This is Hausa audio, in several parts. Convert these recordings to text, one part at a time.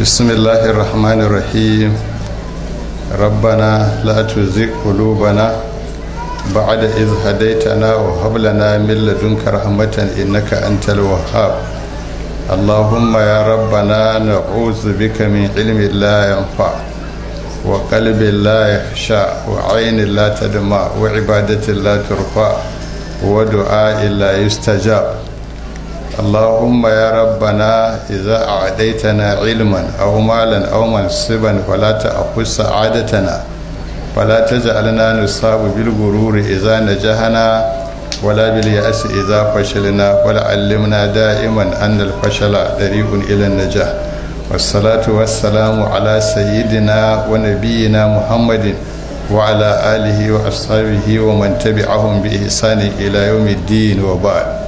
بسم الله الرحمن الرحيم ربنا لا تزغ قلوبنا بعد إذ هديتنا وهب لنا من لدنك رحمة إنك أنت الوهاب اللهم يا ربنا نعوذ بك من علم لا ينفع وقلب لا يخشى وعين لا تدمع وعبادة لا ترفع ودعاء لا يستجاب اللهم يا ربنا إذا أعديتنا علما أو مالا أو منصبا فلا تأخذ سعادتنا فلا تجعلنا نصاب بالغرور إذا نجحنا ولا باليأس إذا فشلنا ولعلمنا دائما أن الفشل طريق إلى النجاح والصلاة والسلام على سيدنا ونبينا محمد وعلى آله وأصحابه ومن تبعهم بإحسان إلى يوم الدين وبعد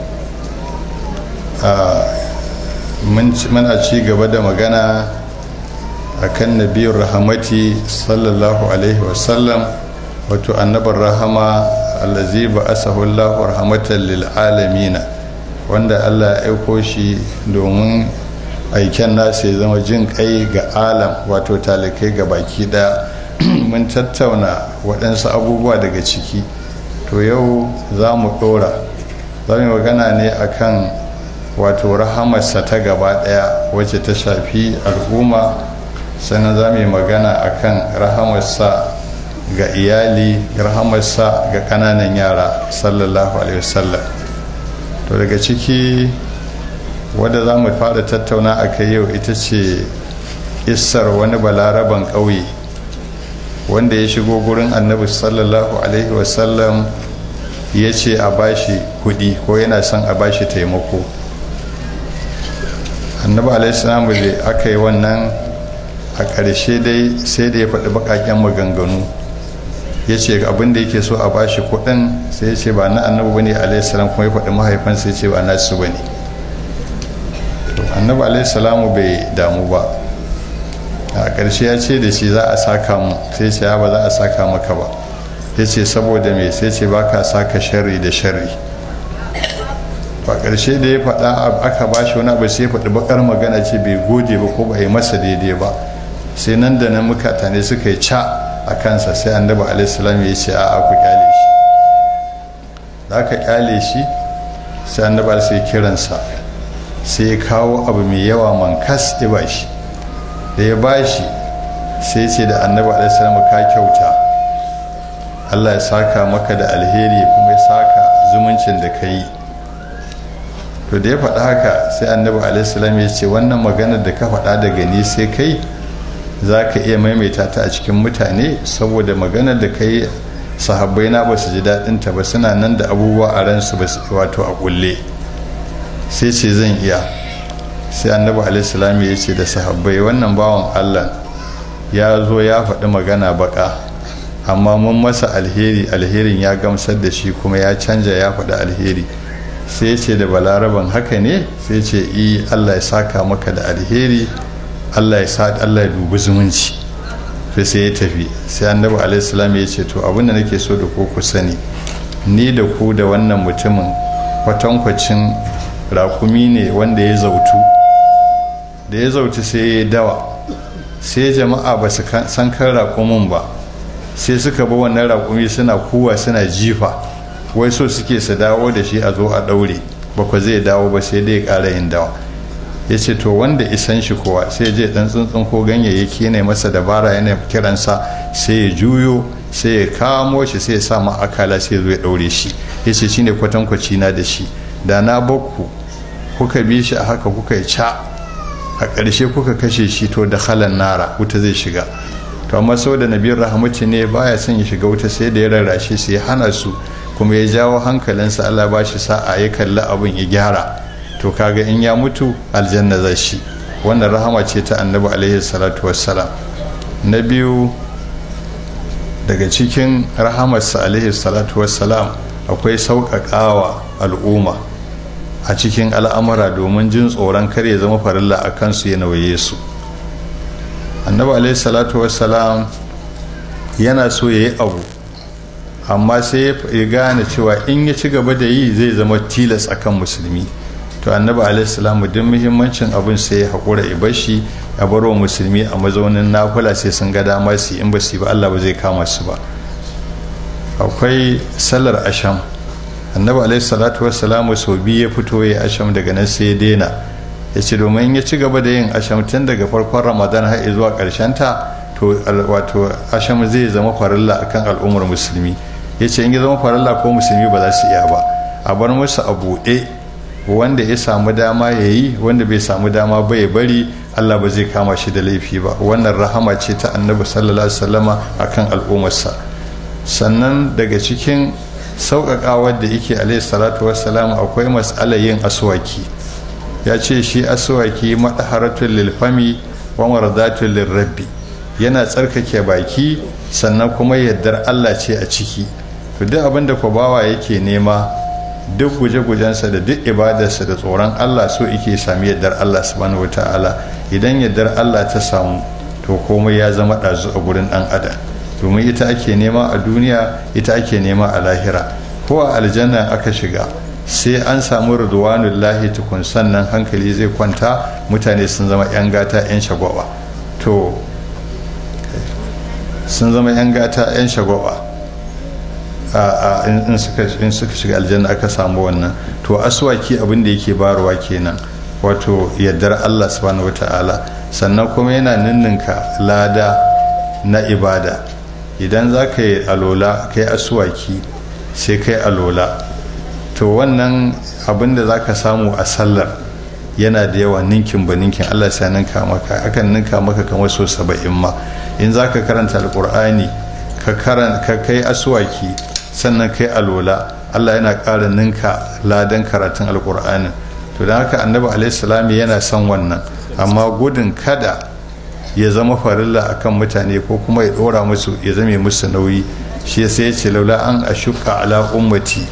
muna ci gaba da magana a kan nabiyar rahamati sallallahu alaihi wasallam wato annabar rahama allazi ba asahullahu rahmatan lil alamina wanda allah ya aiko shi domin aiken nasa ya zama jin kai ga alam wato talikai ga baki daya mun tattauna waɗansu abubuwa daga ciki to yau za mu ɗora za mu magana ne akan wato rahamarsa ta gaba daya wacce ta shafi al'umma sannan za mu yi magana a kan rahamarsa ga iyali rahamarsa ga kananan yara sallallahu alaihi wasallam to daga ciki wadda za mu fara tattauna a kai yau ita ce isar wani balaraban ƙauye wanda ya shigo gurin annabi sallallahu alaihi wasallam ya ce a bashi kudi ko yana son a bashi taimako annabi alaihissalam da aka yi wannan a ƙarshe dai sai da ya faɗi baƙaƙen maganganu ya ce abin da yake so a bashi kuɗin sai ya ce ba na annabi bane alaihissalam kuma ya faɗi sai ya ce ba na su bane annabi alaihissalam bai damu ba a ƙarshe ya ce da shi za a saka mu sai ce ba za a saka maka ba ya ce saboda me sai ce ba ka saka sharri da sharri ba ƙarshe da ya faɗa aka ba shi wani abu sai faɗi bakar magana ce bai gode ba ko ba yi masa daidai ba sai nan da nan mukatane suka yi ca a kansa sai annabi alaihissalam ya ce a ku kyale shi da aka kyale shi sai annabi sai kiransa sai ya kawo abu mai yawa mankas ya ba shi da ya ba shi sai ce da annabi alaihissalam ka kyauta allah ya saka maka da alheri kuma ya saka zumuncin da ka yi to da ya faɗa haka sai annabi alaihissalam ya ce wannan magana da ka faɗa daga ni sai kai za ka iya maimaita ta a cikin mutane saboda maganar da kai sahabbai na ba su ji ta ba suna nan da abubuwa a ransu ba su wato a kulle sai ce zan iya sai annabi alaihissalam ya ce da sahabbai wannan bawan allah ya zo ya faɗi magana baka amma mun masa alheri alherin ya gamsar da shi kuma ya canja ya faɗi alheri sai ce da balaraban haka ne sai ce i e, allah ya saka maka da alheri allah ya sa allah ya dubi zumunci sai sai ya tafi sai annabi alaihissalam ya ce to abin da nake so da ko ku sani ni da ku da wannan mutumin kwatankwacin rakumi ne wanda ya zautu da ya zautu sai ya dawa sai jama'a ba su san kan rakumin ba sai suka bi wannan rakumi suna kuwa suna jifa wai so suke su dawo da shi a zo a daure ba zai dawo ba sai dai ƙara yin dawa ya ce to wanda isan shi kowa sai je ɗan tsuntsun ko ganyayyaki ne masa dabara yana kiransa sai ya juyo sai ya kamo shi sai ya sa ma'akala sai zo ya ɗaure shi ya ce shine kwatankwaci na da shi da na bakku kuka bi shi a haka kuka yi ca a ƙarshe kuka kashe shi to da halan nara wuta zai shiga to amma saboda nabiyar rahmatu ne baya son ya shiga wuta sai da ya rarrashe su ya hana su kuma ya jawo hankalinsa Allah ba shi sa'a ya kalli abin ya gyara to kaga in ya mutu aljanna za shi wannan rahama ce ta annabi alaihi salatu wassalam na biyu daga cikin rahamarsa alaihi salatu wassalam akwai sauƙaƙawa al'umma a cikin al'amura domin jin tsoron kar ya zama farilla a kansu ya nauye su annabi alaihi salatu wassalam yana so ya yi abu amma sai ya gane cewa in ya ci gaba da yi zai zama tilas akan musulmi to annabi alaihissalamu duk muhimmancin abin sai ya haƙura ya bar shi ya bar wa musulmi a mazaunin nafula sai sun ga dama su in ba su ba Allah ba zai kama su ba akwai sallar asham annabi alaihissalatu sau biyu ya fito ya asham daga nan sai ya daina ya ce domin ya ci gaba da yin asham tun daga farkon ramadan har zuwa ƙarshen ta to wato asham zai zama farilla akan al'ummar musulmi ya ce in ya zama farilla ko musulmi ba za su iya ba a bar musu a buɗe wanda ya samu dama yayi wanda bai samu dama ba ya bari allah ba zai kama shi da laifi ba wannan rahama ce ta annabi sallallahu alaihi wasallama akan al'ummarsa sannan daga cikin sauƙaƙawar da yake alaihi salatu wassalam akwai matsalar yin aswaki ya ce shi aswaki maɗaharatun lilfami wa maradatun lirrabbi yana tsarkake baki sannan kuma yardar Allah ce a ciki to duk abin da bawa yake nema duk guje-gujensa da duk ibadarsa da tsoron Allah so yake sami yardar Allah subhanahu wataala idan yardar Allah ta samu to komai ya zama ɗazu a gurin ɗan adam domin ita ake nema a duniya ita ake nema a lahira ko a aljanna aka shiga sai an samu lahi tukun sannan hankali zai kwanta mutane sun zama 'yan gata 'yan shagwaba to sun zama 'yan gata 'yan shagwaba in suka shiga aljanna aka samu wannan to aswaki abin da yake barwa kenan wato yardar allah subhanahu wata'ala sannan kuma yana ninninka lada na ibada idan za ka yi alola kai aswaki sai kai yi alola to wannan abin da za ka samu a sallar yana da yawa ninkin ba ninkin allah sai ninka maka akan ninka maka kamar so saba'in ma in za ka karanta alkur'ani ka kai aswaki sannan kai alola allah yana ƙara ninka ladan karatun Alƙur'ani. to don haka annabi alaihissalami yana son wannan amma gudun kada ya zama farilla akan mutane ko kuma ya ɗora musu ya zame musu nauyi shi sai ya ce laula an shuka ala ummati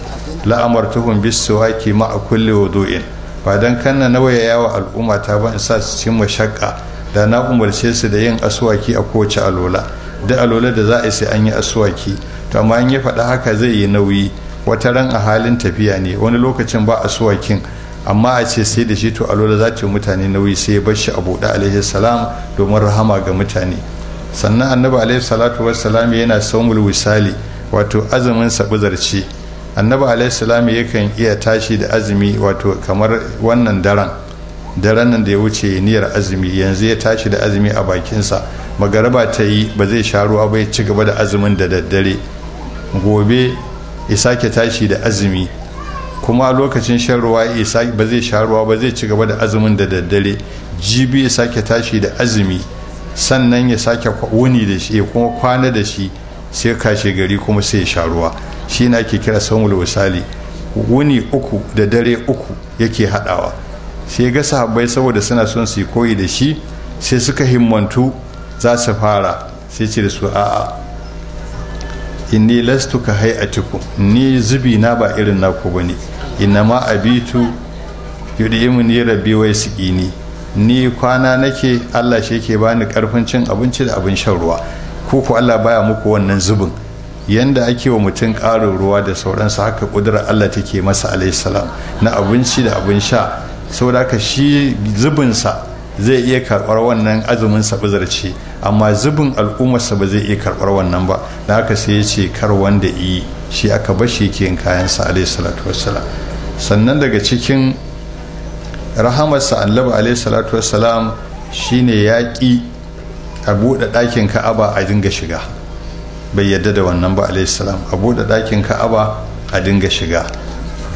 la'amartuhum bis-siwaki ma'a kulli wudu'in ba don kanna nawaya yawa al'umma ta ba in sa su cin mashakka da na umarce su da yin aswaki a kowace alola da alola da za a sai an yi aswaki to amma in ya faɗa haka zai yi nauyi wata ran a halin tafiya ne wani lokacin ba aswakin amma a ce sai da shi to alola za ta yi mutane nauyi sai ya bashi a buɗe alaihi salam domin rahama ga mutane sannan annabi alaihi salatu wassalam yana saumul wisali wato azumin sabuzarci annabi alaihi salam yakan iya tashi da azumi wato kamar wannan daren da ranar da ya wuce niyyar azumi yanzu ya tashi da azumi a bakinsa magaraba ta yi ba zai sha ruwa ba ya ci gaba da azumin da daddare gobe ya sake tashi da azumi kuma lokacin shan ruwa ba zai sha ruwa ba zai ci gaba da azumin da daddare jibi ya sake tashi da azumi sannan ya sake wuni da shi kuma kwana da shi sai kashe gari kuma sai ya sha ruwa shi na ke kira samun misali wuni uku da dare uku yake haɗawa sai ga sahabbai saboda suna son su yi koyi da shi sai suka himmantu za su fara sai ce da su a'a inni lastu ka hay'atiku ni zubi na ba irin naku bane inna ma abitu ni rabbi wai yasqini ni kwana nake Allah shi yake bani karfin cin abinci da abin shan ruwa ko ku Allah baya muku wannan zubin yanda ake wa mutum karin ruwa da sauransu haka kudura Allah take masa salam na abinci da abin sha saboda ka shi zubinsa zai iya karɓar wannan azumin sa bazarci amma zubin al'ummarsa ba zai iya karɓar wannan ba da haka sai ya ce kar wanda yi shi aka bar shi ke kayansa alayhi salatu wassalam sannan daga cikin rahamarsa annabi alayhi salatu wassalam shine ya a buɗe ɗakin ka'aba a dinga shiga bai yadda da wannan ba alayhi salam a buɗe ɗakin ka'aba a dinga shiga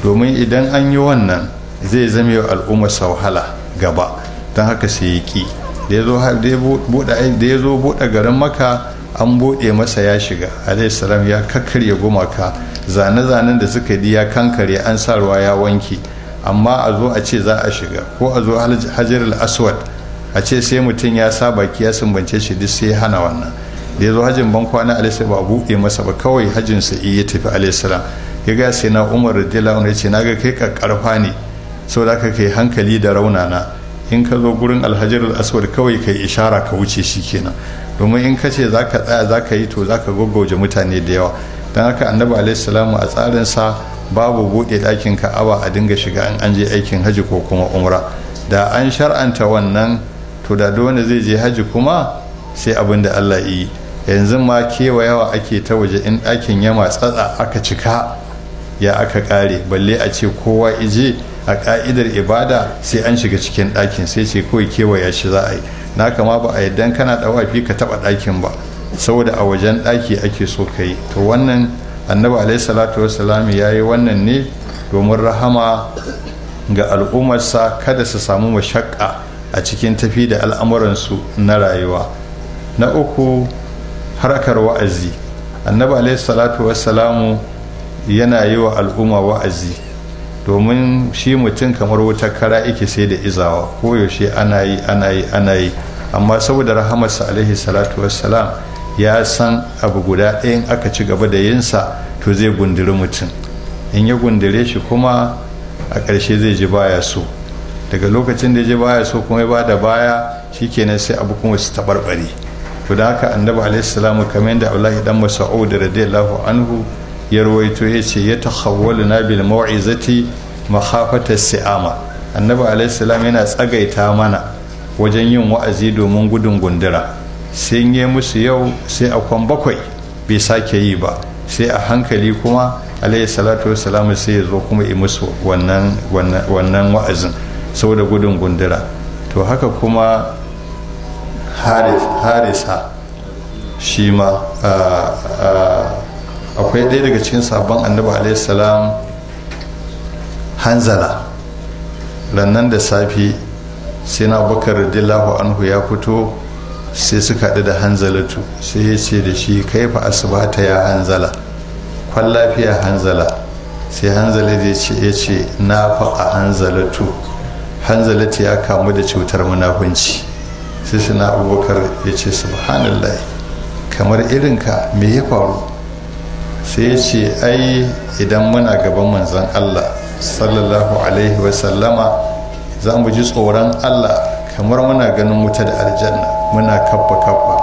domin idan an yi wannan zai zama yau al'ummar sa wahala gaba don haka sai ya ki da ya zo buɗe garin maka an buɗe masa ya shiga alaihissalam ya kakkarya gumaka zane-zanen da suka yi ya kankare an sa ruwa ya wanki amma a zo a ce za a shiga ko a zo hajjar aswad a ce sai mutum ya sa baki ya sumbance shi duk sai hana wannan da ya zo hajjin ban kwana alaihissalam ba buɗe masa ba kawai hajjin sa iya tafi alaihissalam ya ga sai na umar radiyallahu anhu ya ce na ga kai karfa ne saboda ka kai hankali da raunana in ka zo gurin alhajarul aswad kawai ka yi ishara ka wuce shi kenan domin in ka ce za ka tsaya za ka yi to za ka goggoje mutane da yawa don haka annabi alaihi a tsarin sa babu buɗe ɗakin ka'aba a dinga shiga in an je aikin haji ko kuma umra da an shar'anta wannan to da dole zai je haji kuma sai abin da allah yi yanzu ma kewayawa ake ta waje in ɗakin yama tsatsa aka cika ya aka ƙare balle a ce kowa ije a ka'idar ibada sai an shiga cikin ɗakin sai ce kawai kewaya shi za a yi na kama ba a yaddan kana ɗawafi ka taɓa ɗakin ba saboda a wajen ɗaki ake so ka yi to wannan annabi alaihi salatu ya yi wannan ne domin rahama ga al'ummarsa kada su samu mashakka a cikin tafi da al'amuransu na rayuwa na uku harkar wa'azi annabi alaihi salatu wasalamu yana yi wa al'umma wa'azi domin shi mutum kamar wuta kara ike sai da izawa koyaushe ana yi ana yi ana yi amma saboda rahamarsa alaihi salatu wassalam ya san abu guda ɗayan aka ci gaba da yinsa to zai gundiri mutum in ya gundire shi kuma a ƙarshe zai ji baya so daga lokacin da ji baya so kuma ya ba da baya kenan sai abu kuma su taɓarɓare to da haka annabi alaihi salamu kamar yadda abdullahi dan mas'ud radiyallahu anhu ya ruwaito ya ce ya tahawwalu na bil mau'izati makhafata si'ama annabi alaihissalam yana tsagaita mana wajen yin wa'azi domin gudun gundura sai yi musu yau sai a kwan bakwai bai sake yi ba sai a hankali kuma alaihi salatu sai ya zo kuma yi musu wannan wa'azin saboda gudun gundura to haka kuma harisa shi ma ah, ah, akwai ɗaya daga cikin sabon annabi alaihi salam hanzala rannan da safi sai na bakar radiyallahu anhu ya fito sai suka haɗu da hanzalatu sai ya ce da shi kaifa asibata ya hanzala kwan lafiya hanzala sai hanzala da ya ce na faɗa hanzalatu hanzalatu ya kamu da cutar munafunci sai suna abubakar ya ce subhanallah kamar irinka me ya faru sai ce ai idan muna gaban manzan Allah sallallahu alaihi wasallama za mu ji tsoron Allah kamar muna ganin wuta da aljanna muna kabba kabba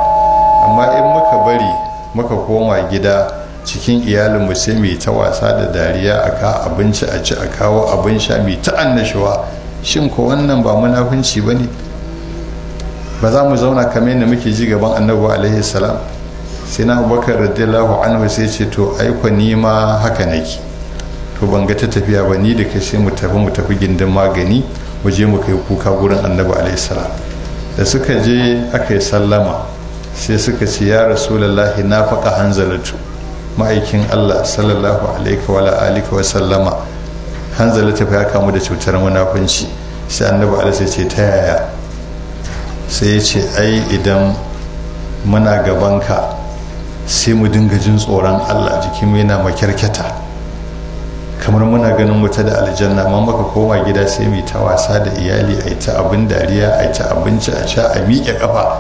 amma in muka bari muka koma gida cikin iyalinmu sai mai ta wasa da dariya a ka abinci a ci a kawo abin sha mai ta annashuwa shin ko wannan ba munafunci ba ne ba za mu zauna kamar yadda muke ji gaban annabi alaihi salam sai na abubakar radiyallahu anhu sai ce to aiko ni ma haka nake to ban ga ta tafiya ba ni da ka sai mu tafi mu tafi gindin magani mu je mu kai kuka gurin annabi alaihissalam da suka je aka yi sallama sai suka ce ya rasulullahi na faka hanzalatu ma'aikin allah sallallahu alaihi wa alihi wa sallama hanzalatu fa ya kamu da cutar munafunci sai annabi alaihi ce ta yaya sai ya ce ai idan muna gabanka sai mu dinga jin tsoron allah jikinmu yana makyarkyata kamar muna ganin wuta da aljanna ma maka koma gida sai mu ta wasa da iyali a ta abin dariya a ta abinci a sha a miƙe kafa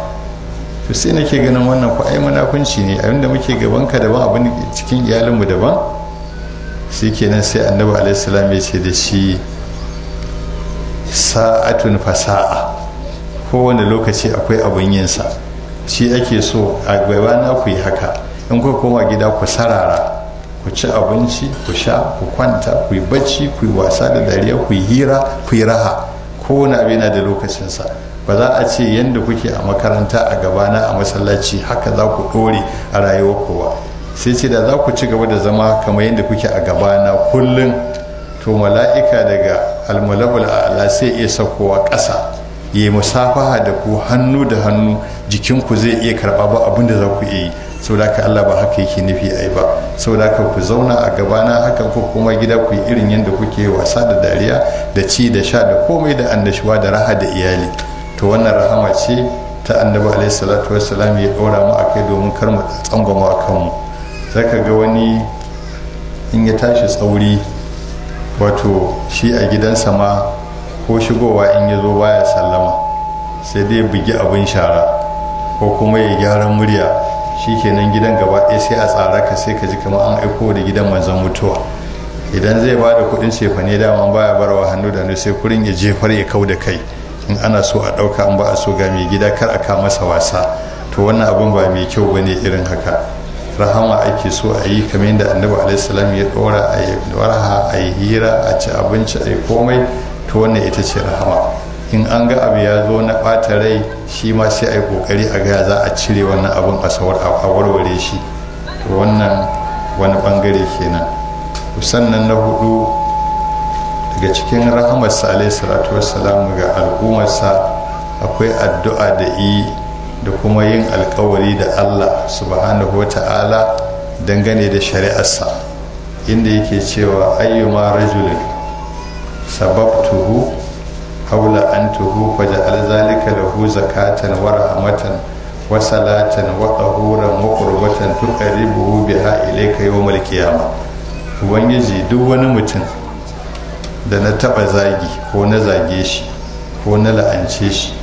to sai nake ganin wannan ku ai munafunci ne abinda muke gaban ka daban abin cikin mu daban sai kenan sai annabi alaihi salam ya ce da shi sa'atun fasa'a kowane lokaci akwai abin yinsa shi ake so a gaba na ku yi haka in kuka koma gida ku sarara ku ci abinci ku sha ku kwanta ku yi bacci ku yi wasa da dariya ku yi hira ku yi raha kowane abu yana da lokacinsa ba za a ce yadda kuke a makaranta a gabana a masallaci haka za ku ɗore a rayuwa kowa sai ce da za ku ci gaba da zama kamar yadda kuke a gabana kullum to mala'ika daga almalabul ala sai iya saukowa ƙasa ya musafaha da ku hannu da hannu jikinku zai iya karɓa ba abin da za ku iya yi saboda haka Allah ba haka yake nufi yi ba saboda ka ku zauna a gabana haka ko kuma gida ku yi irin yadda kuke wasa da dariya da ci da sha da komai da annashuwa da raha da iyali to wannan rahama ce ta annabi alaihi salatu wassalam ya ɗora mu a kai domin kar mu tsangwama a kanmu za ka ga wani in ya tashi tsauri wato shi a gidansa ma ko shigowa in ya zo baya sallama sai dai bugi abin shara ko kuma ya gyara murya shikenan gidan gaba ɗaya sai a tsara ka sai ka ji kamar an aiko da gidan manzon mutuwa idan zai ba da kuɗin cefane dama baya barawa hannu da hannu sai kurin ya jefar ya kau da kai in ana so a ɗauka an ba a so ga mai gida kar a ka masa wasa to wannan abin ba mai kyau ba ne irin haka rahama ake so a yi kamar yadda annabi alaihissalam ya ɗora a yi warha a yi hira a ci abinci a yi komai to wannan ita ce rahama in an ga abu ya zo na ɓata rai shi ma sai a yi ƙoƙari a gaya za a cire wannan abin a warware shi to wannan wani ɓangare kenan sannan na hudu daga cikin rahamarsa salatu wassalamu ga al'ummarsa akwai addu'a da yi da kuma yin alkawari da allah subhanahu wa ta'ala dangane da shari'arsa inda yake cewa ayyuma rajulin sababtuhu qabla an tuhu faj'al zalika lahu zakatan wa wasalatan wa salatan tuƙari tahuran wa qurbatan tuqarribuhu biha ilayka yawmal ubangiji duk wani mutum da na taɓa zagi ko na zage shi ko na la'ance shi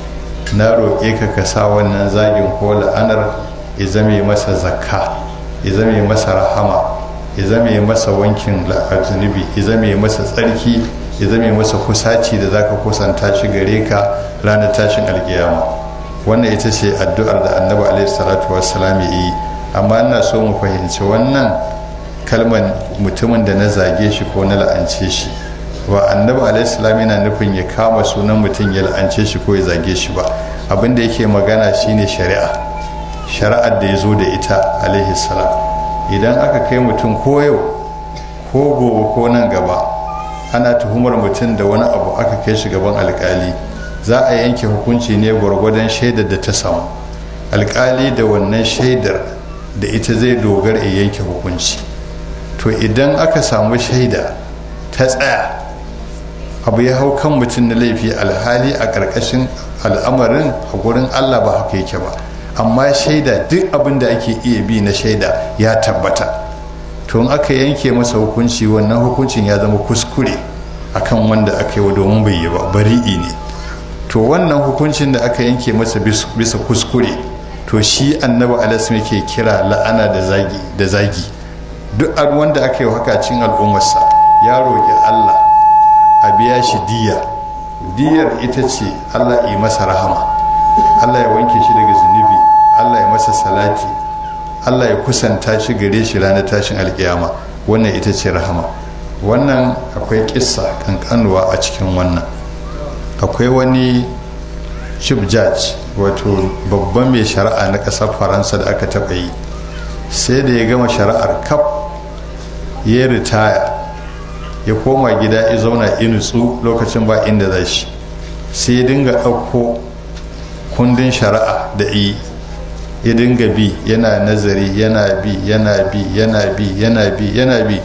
na roƙe ka ka sa wannan zagin ko la'anar ya zame masa zakka ya zame masa rahama ya zame masa wankin zunubi ya zame masa tsarki ya zame masa kusa kusaci da zaka kusanta shi gare ka ranar tashin alkiyama wannan ita ce addu'ar da annabi alaihi salatu wassalam ya yi amma ina so mu fahimci wannan kalmar mutumin da na zage shi ko na la'ance shi ba annabi alaihi salam yana nufin ya kama sunan mutum ya la'ance shi ko ya zage shi ba abin da yake magana shine shari'a shari'ar da ya zo da ita alaihi salam idan aka kai mutum ko yau ko gobe ko nan gaba ana tuhumar mutum da wani abu aka kai shi gaban alkali za a yanke hukunci ne gwargwadon shaidar da ta samu alkali da wannan shaidar da ita zai dogara in yanke hukunci to idan aka samu shaida ta tsaya abu ya hau kan mutum na laifi alhali a ƙarƙashin al'amarin a gurin allah ba haka yake ba amma shaida duk abin da ake iya bi na shaida ya tabbata tun aka yanke masa hukunci wannan hukuncin ya zama kuskure a kan wanda aka yi domin bai yi ba bari'i ne to wannan hukuncin da aka yanke masa bisa kuskure to shi annabi alasim yake kira la'ana da zagi duk zagi duk wanda aka yi haka cin al'ummarsa ya roƙi allah a biya shi diya diyar ita ce allah yi masa rahama allah ya wanke shi daga zunubi allah ya masa salati allah ya kusanta shi gare shi ranar tashin alkiyama wannan ita ce rahama wannan akwai kissa kankanuwa a cikin wannan akwai wani chief judge wato babban mai shari'a na ƙasar faransa da aka taɓa yi sai da ya gama shari'ar kaf ya ritaya ya koma gida ya zauna inutsu lokacin ba inda za shi sai ya dinga ɗauko kundin shari'a da yi ya dinga bi yana nazari yana bi yana bi yana bi yana bi yana bi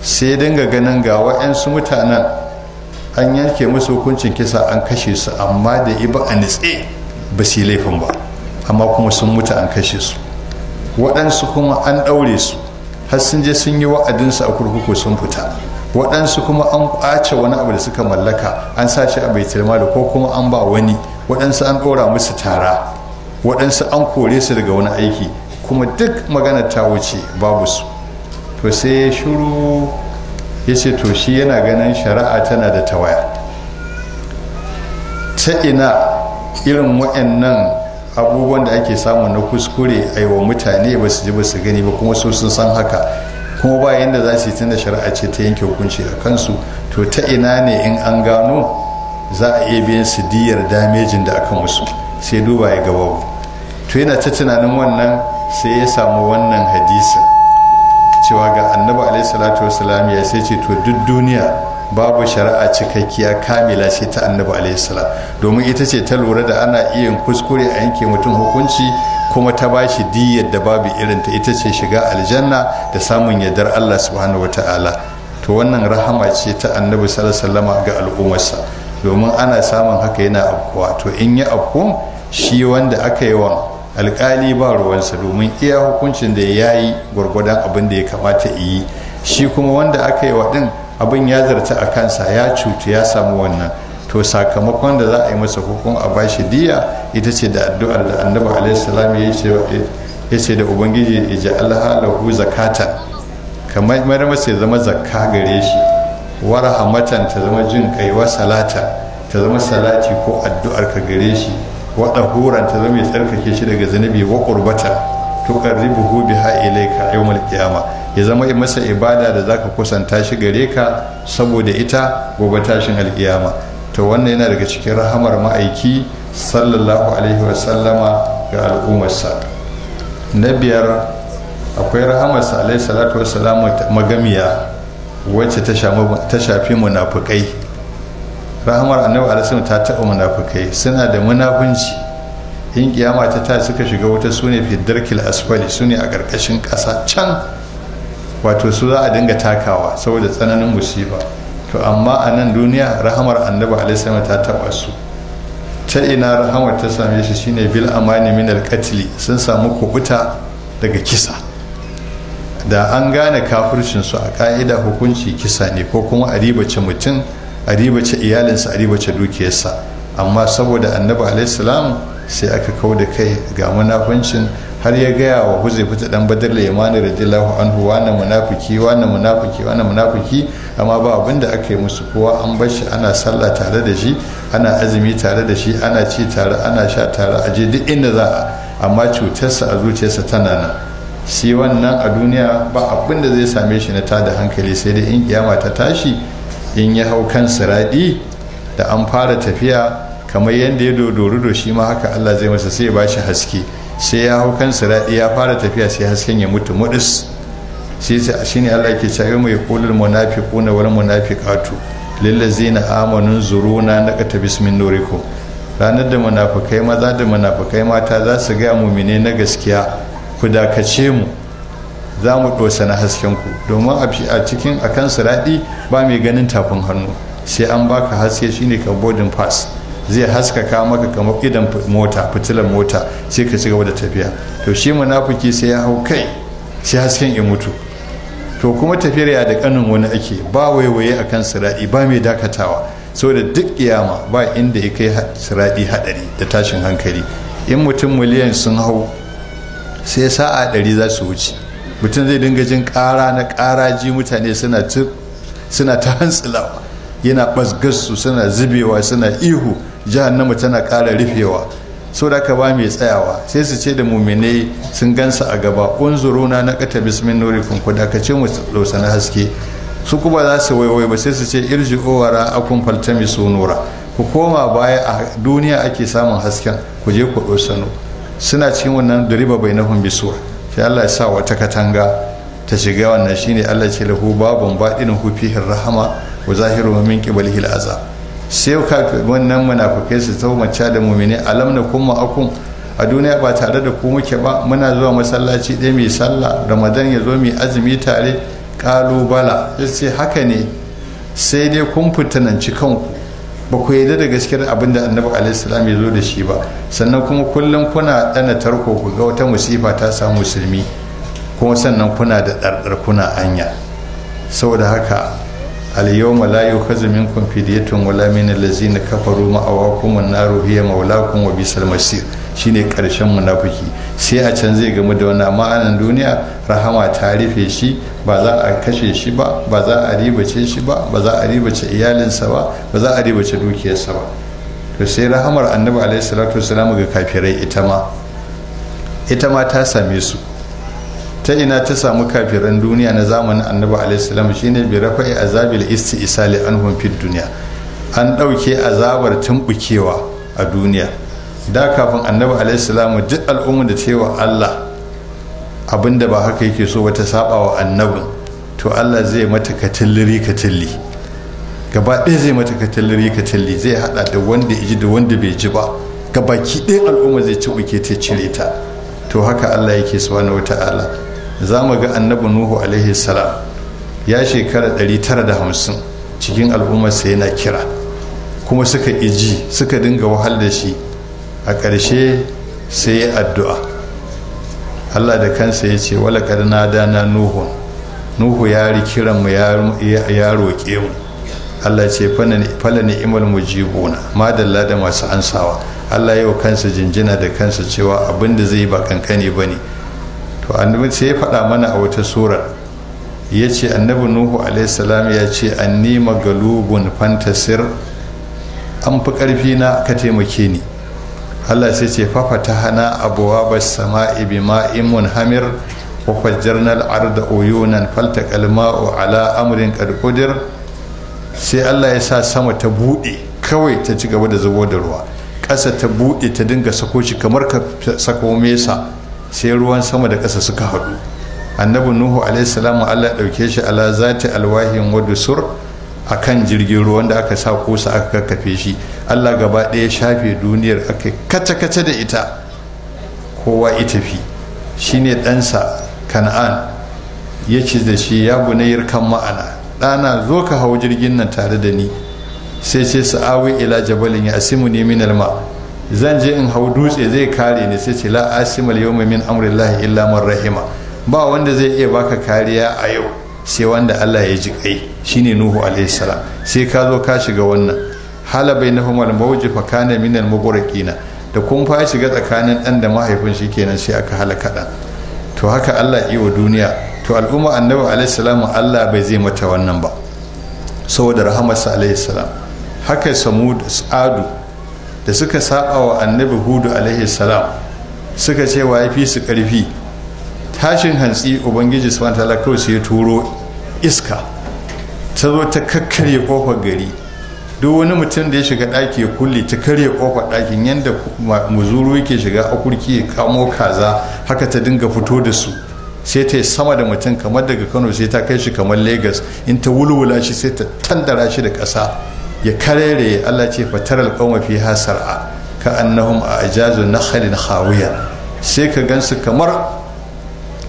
sai dinga ganin ga wa'yansu mutanen an yanke musu hukuncin kisa an kashe su amma da iba a nitse ba su laifin ba amma kuma sun mutu an kashe su waɗansu kuma an ɗaure su har sun je sun yi wa'adinsu a kurkuku sun fita waɗansu kuma an ƙwace wani abu da suka mallaka an sa shi a baitul ko kuma an ba wani waɗansu an ɗora musu tara waɗansu an kore su daga wani aiki kuma duk magana ta wuce babu su to sai ya shuru ya ce to shi yana ganin shari'a tana da tawaya ta ina irin waɗannan abubuwan da ake samu na kuskure a yi wa mutane ba su ji ba su gani ba kuma so sun san haka kuma ba yadda za su yi da shari'a ce ta yanke hukunci a kansu to ta ina ne in an gano za a iya biyan su diyar damejin da aka musu sai duba ya gaba to yana ta tunanin wannan sai ya samu wannan hadisa cewa ga annabi alaihi salatu wasalam ya sai ce to duk duniya babu shari'a cikakkiya kamila sai ta annabi alaihissalam domin ita ce ta lura da ana iya kuskure a yanke mutum hukunci kuma ta ba shi diyyar da babu irinta ita ce shiga aljanna da samun yardar allah subhanahu wataala to wannan rahama ce ta annabi sallallahu alaihi wasallama ga al'ummarsa domin ana samun haka yana afkuwa to in yi afku shi wanda aka yi wa alkali ba ruwansa domin iya hukuncin da ya yi gwargwadon abin da ya kamata yi shi kuma wanda aka yi wa din abin ya zarta a kansa ya cutu ya samu wannan to sakamakon da za a yi masa hukun a bashi diya ita ce da addu'ar da annabi alaihi salam ya ce da ubangiji ya ji alhalahu zakata kamar masa ya zama zakka gare shi wa ta zama jin kai wa salata ta zama salati ko addu'ar ka gare shi wa dahuran ta zama ya tsarkake shi daga zanubi wa qurbata tuqarribuhu biha ilayka yawmal qiyama ya zama masa ibada da zaka kusanta shi gare ka saboda ita gobe tashin alqiyama to wannan yana daga cikin rahamar ma'aiki sallallahu alaihi wa sallama ga al'ummarsa na biyar akwai rahamarsa alaihi salatu wa magamiya wacce ta shafi munafukai rahamar annabi a ta taɓa munafukai suna da munafunci in kiyama ta ta suka shiga wata su ne fiddarkil asfali su ne a ƙarƙashin ƙasa can wato su za a dinga takawa saboda tsananin musifa to amma a nan duniya rahamar annabi alisun ta taɓa su ta ina rahamar ta same shi shine bil amani min katili sun samu kubuta daga kisa da an gane su a ka'ida hukunci kisa ne ko kuma a ribace mutum a ribace iyalinsa a ribace dukiyarsa amma saboda annabi alaihissalam sai aka kau da kai ga munafuncin har ya gaya wa fita dan badar limani radiyallahu anhu wani munafiki wani munafiki wani munafiki amma ba abin da aka yi musu kowa an bar shi ana sallah tare da shi ana azumi tare da shi ana ci tare ana sha tare a je duk inda za a amma cutarsa a zuciyarsa tana nan shi wannan a duniya ba abin da zai same shi na tada hankali sai dai in kiyama ta tashi in ya hau kan siradi da an fara tafiya kamar yadda ya dodoru do shi ma haka Allah zai masa sai ya ba shi haske sai ya hau kan siradi ya fara tafiya sai hasken ya mutu mudus sai sai shine Allah yake cewa mai qulul munafiquna wal munafiqatu lillazina amanu zuruna naqata bismin nurikum ranar da munafikai maza da munafikai mata za su ga mumine na gaskiya ku dakace mu za mu na hasken ku domin a cikin a kan siraɗi ba mai ganin tafin hannu sai an baka haske shine ka boarding pass zai haskaka maka kamar idan mota fitilar mota sai ka ci gaba da tafiya to shi munafiki sai ya hau kai sai hasken ya mutu to kuma tafiyar ya da kanin wani ake ba waiwaye a kan siraɗi ba mai dakatawa saboda duk kiyama ba inda ya kai siraɗi haɗari da tashin hankali in mutum miliyan sun hau sai sa'a ɗari za su wuce mutum zai dinga jin ƙara na ƙara ji mutane suna ta hantsilawa yana ɓasgarsu suna zubewa suna ihu hannunmu tana ƙara rufewa sau da ba mai tsayawa sai su ce da muminai sun gansa a gaba unzuruna na kata bismin nuri ku da ka ce mu lausa na haske su kuma za su waiwai ba sai su ce irji owara a faltami su nura ku koma baya a duniya ake samun hasken ku je ku ɗosano suna cikin wannan duriba bai na bisuwa sai Allah ya sa wata katanga ta shiga wannan shine Allah ce lahu babun baɗinin hufihir rahama wa zahiru min qibalihil azab sai ka wannan munafikai su mace da mu'mini alam na kuma akun a duniya ba tare da ku muke ba muna zuwa masallaci ɗaya mai sallah ramadan ya zo mai azumi tare kalubala sai haka ne sai dai kun fitananci kanku ba ku yarda da gaskiyar abin da annabi alaihissalam ya zo da shi ba sannan kuma kullum kuna ɗana tarko ku ga wata musifa ta samu musulmi kuma sannan kuna da ɗarɗar kuna anya saboda haka al-yawma la yukhadhu minkum fidyatun wala min allazina kafaru ma'awakum an-naru hiya mawlakum wa bisal masir shine karshen munafuki sai a can zai gamu da wani ma'anan duniya rahama ta rufe shi ba za a kashe shi ba ba za a ribace shi ba ba za a ribace iyalinsa ba ba za a ribace dukiyarsa ba to sai rahamar annabi alaihi salatu wasalam ga kafirai ita ma ita ma ta same su ta ina ta samu kafiran duniya na zamanin annabi alaihi salam shine bi rafa'i azabil istisali anhum fid duniya an dauke azabar tumbukewa a duniya da kafin annabi alaihi salam duk al'ummar da cewa Allah abinda ba haka yake so wata sabawa annabin to Allah zai mata katilliri katilli gaba ɗaya zai mata katilliri katilli zai hada da wanda ya ji da wanda bai ji ba gabaki ɗaya al'umma zai ci buke ta cire ta to haka Allah yake subhanahu wata'ala za mu ga annabi nuhu alaihi salam ya shekara 950 cikin al'ummar al'ummarsa yana kira kuma suka iji suka dinga wahal da shi a ƙarshe sai ya addu'a allah da kansa ya ce wala na nuhu nuhu ya ri kiranmu ya roƙe mu allah ce fala ni'imal mujibuna madalla da masu ansawa allah yau kansa jinjina da kansa cewa abinda da zai ba kankani ba ne to annabi sai ya faɗa mana a wata sura ya ce annabi nuhu salam ya ce an nima galubun fantasir an fi ƙarfi na ka taimake ni allah sai ce fafata hana abuwa ba sama ibima ma'imun hamir wa fajjarnal arda uyunan falta o ala amurin ƙarƙudir sai allah ya sa sama ta buɗe kawai ta ci gaba da zubo da ruwa ƙasa ta buɗe ta dinga sako shi kamar ka sako mesa sai ruwan sama da ƙasa suka haɗu annabi nuhu alaihissalamu allah ɗauke shi ala zati alwahin wadusur sur a kan jirgin ruwan da aka sa kusa aka kakkafe shi allah gaba ɗaya shafe duniyar aka kace-kace da ita kowa itafi shine ɗansa kana'an ya ci da shi ya bu kan ma'ana ɗana zo ka hau jirgin nan tare da ni sai ce awi ila jabalin ya asimu ne min alma zan je in hau dutse zai kare ni sai ce la asimal yau min amrillahi illa man rahima ba wanda zai iya baka kariya a yau sai wanda Allah ya ji kai shine nuhu alaihi sai ka zo ka shiga wannan hala bai na mawji fa kana min da kun fa shiga tsakanin dan da mahaifin shi kenan sai aka halaka dan to haka Allah yi wa duniya to al'umma annabi alaihi salam Allah bai zai mata wannan ba saboda rahamarsa alaihi salam haka samud adu da suka saba wa annabi hudu alaihi salam suka ce wa fi su karfi tashin hantsi ubangiji su wataala lakau su ya turo iska ta zo ta kakkarye kofar gari duk wani mutum da ya shiga ɗaki ya kulle ta karya kofar ɗakin yadda muzuru yake shiga akurki ya kamo kaza haka ta dinga fito da su sai ta yi sama da mutum kamar daga kano sai ta kai shi kamar lagos in ta wulwula shi sai ta tandara shi da ƙasa ya karere Allah ce fatar alƙawar fi a ka annahum a ajazu halin khawiya sai ka gansu kamar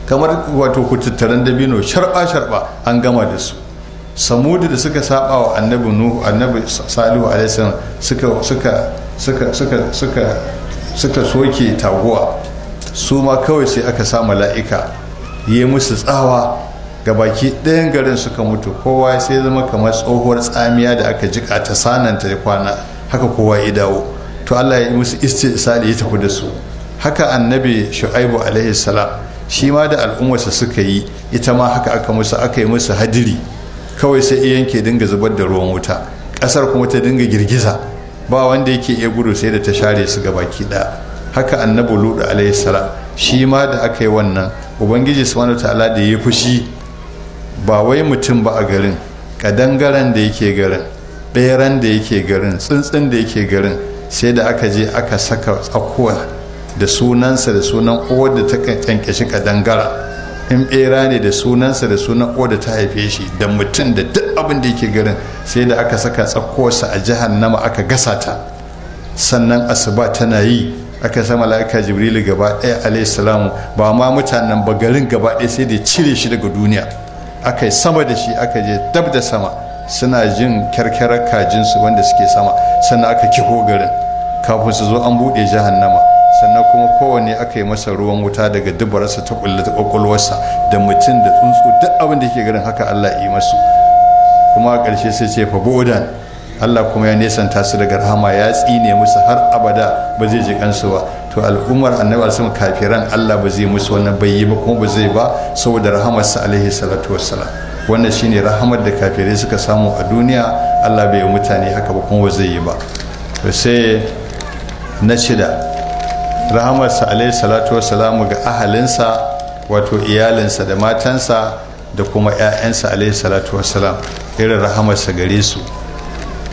kamar wato da dabino sharɓa sharɓa an gama da su samudu da suka saba wa annabi nuhu salihu alaihi suka suka suka soke taguwa su ma kawai sai aka sa mala'ika yi musu tsawa gabaki ɗayan garin suka mutu kowa sai zama kamar tsohuwar tsamiya da aka jika ta sananta ya kwana haka kowa ya dawo to Allah ya yi musu da ya tafi da su haka annabi shu'aibu alaihi salam shi ma da al'ummarsa suka yi ita ma haka aka musu aka yi musu hadiri kawai sai iyan ke dinga zubar da ruwan wuta ƙasar kuma ta dinga girgiza ba wanda yake iya gudu sai da ta share su ga baki ɗaya haka annabi ludu alaihi salam shi ma da aka yi wannan ubangiji subhanahu ta'ala da ya yi fushi ba wai mutum ba a garin kadangaren da yake garin beran da yake garin tsuntsun da yake garin sai da aka je aka saka tsakuwa da sunansa da sunan uwar da ta kankankashi kadangara in bera ne da sunansa da sunan uwar da ta haife shi da mutum da duk abin da yake garin sai da aka saka tsakowarsa a jihar nama aka gasa ta sannan asuba tana yi aka sa mala'ika jibrilu gaba ɗaya alayhi salamu ba ma mutanen ba garin gaba ɗaya sai da cire shi daga duniya aka yi sama da shi aka je dab da sama suna jin kyarkyarar kajinsu wanda suke sama sannan aka kiho garin kafin su zo an buɗe jahannama sannan kuma kowane aka yi masa ruwan wuta daga dubararsa ta ƙulla ta ƙwaƙwalwarsa da mutum da tsuntsu duk abin da ke garin haka allah yi masu kuma a ƙarshe sai ce fa bodan Allah kuma ya nesanta su daga rahama ya tsine musu har abada ba zai ji kansu ba to al'ummar annabi alaihi kafiran Allah ba zai musu wannan bayyi ba kuma ba zai ba saboda rahamarsa alaihi salatu wassalam wannan shine rahamar da kafirai suka samu a duniya Allah bai mutane haka ba kuma ba zai yi ba to sai na shida rahamarsa alaihi salatu wassalam ga ahalinsa wato iyalinsa da matansa da kuma 'ya'yansa alaihi salatu wassalam irin rahamarsa gare su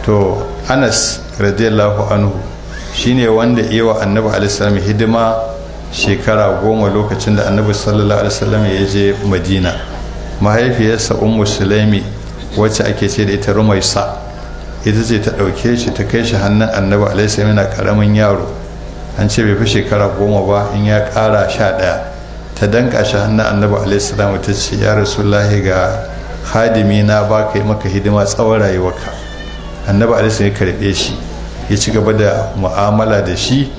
to anas radiyallahu anhu shine wanda iya wa annabi alaihi hidima shekara goma lokacin da annabi sallallahu alaihi wasallam ya je madina mahaifiyarsa ummu sulaimi wacce ake ce da ita rumaisa ita ce ta ɗauke shi ta kai shi hannun annabi alaihi yana karamin yaro an ce bai fi shekara goma ba in ya ƙara sha ɗaya ta danka shi hannun annabi alaihi salam ta ce ya rasulullahi ga hadimi na baka yi maka hidima tsawon rayuwarka annabi anas ya karbe shi ya ci gaba da mu'amala da shi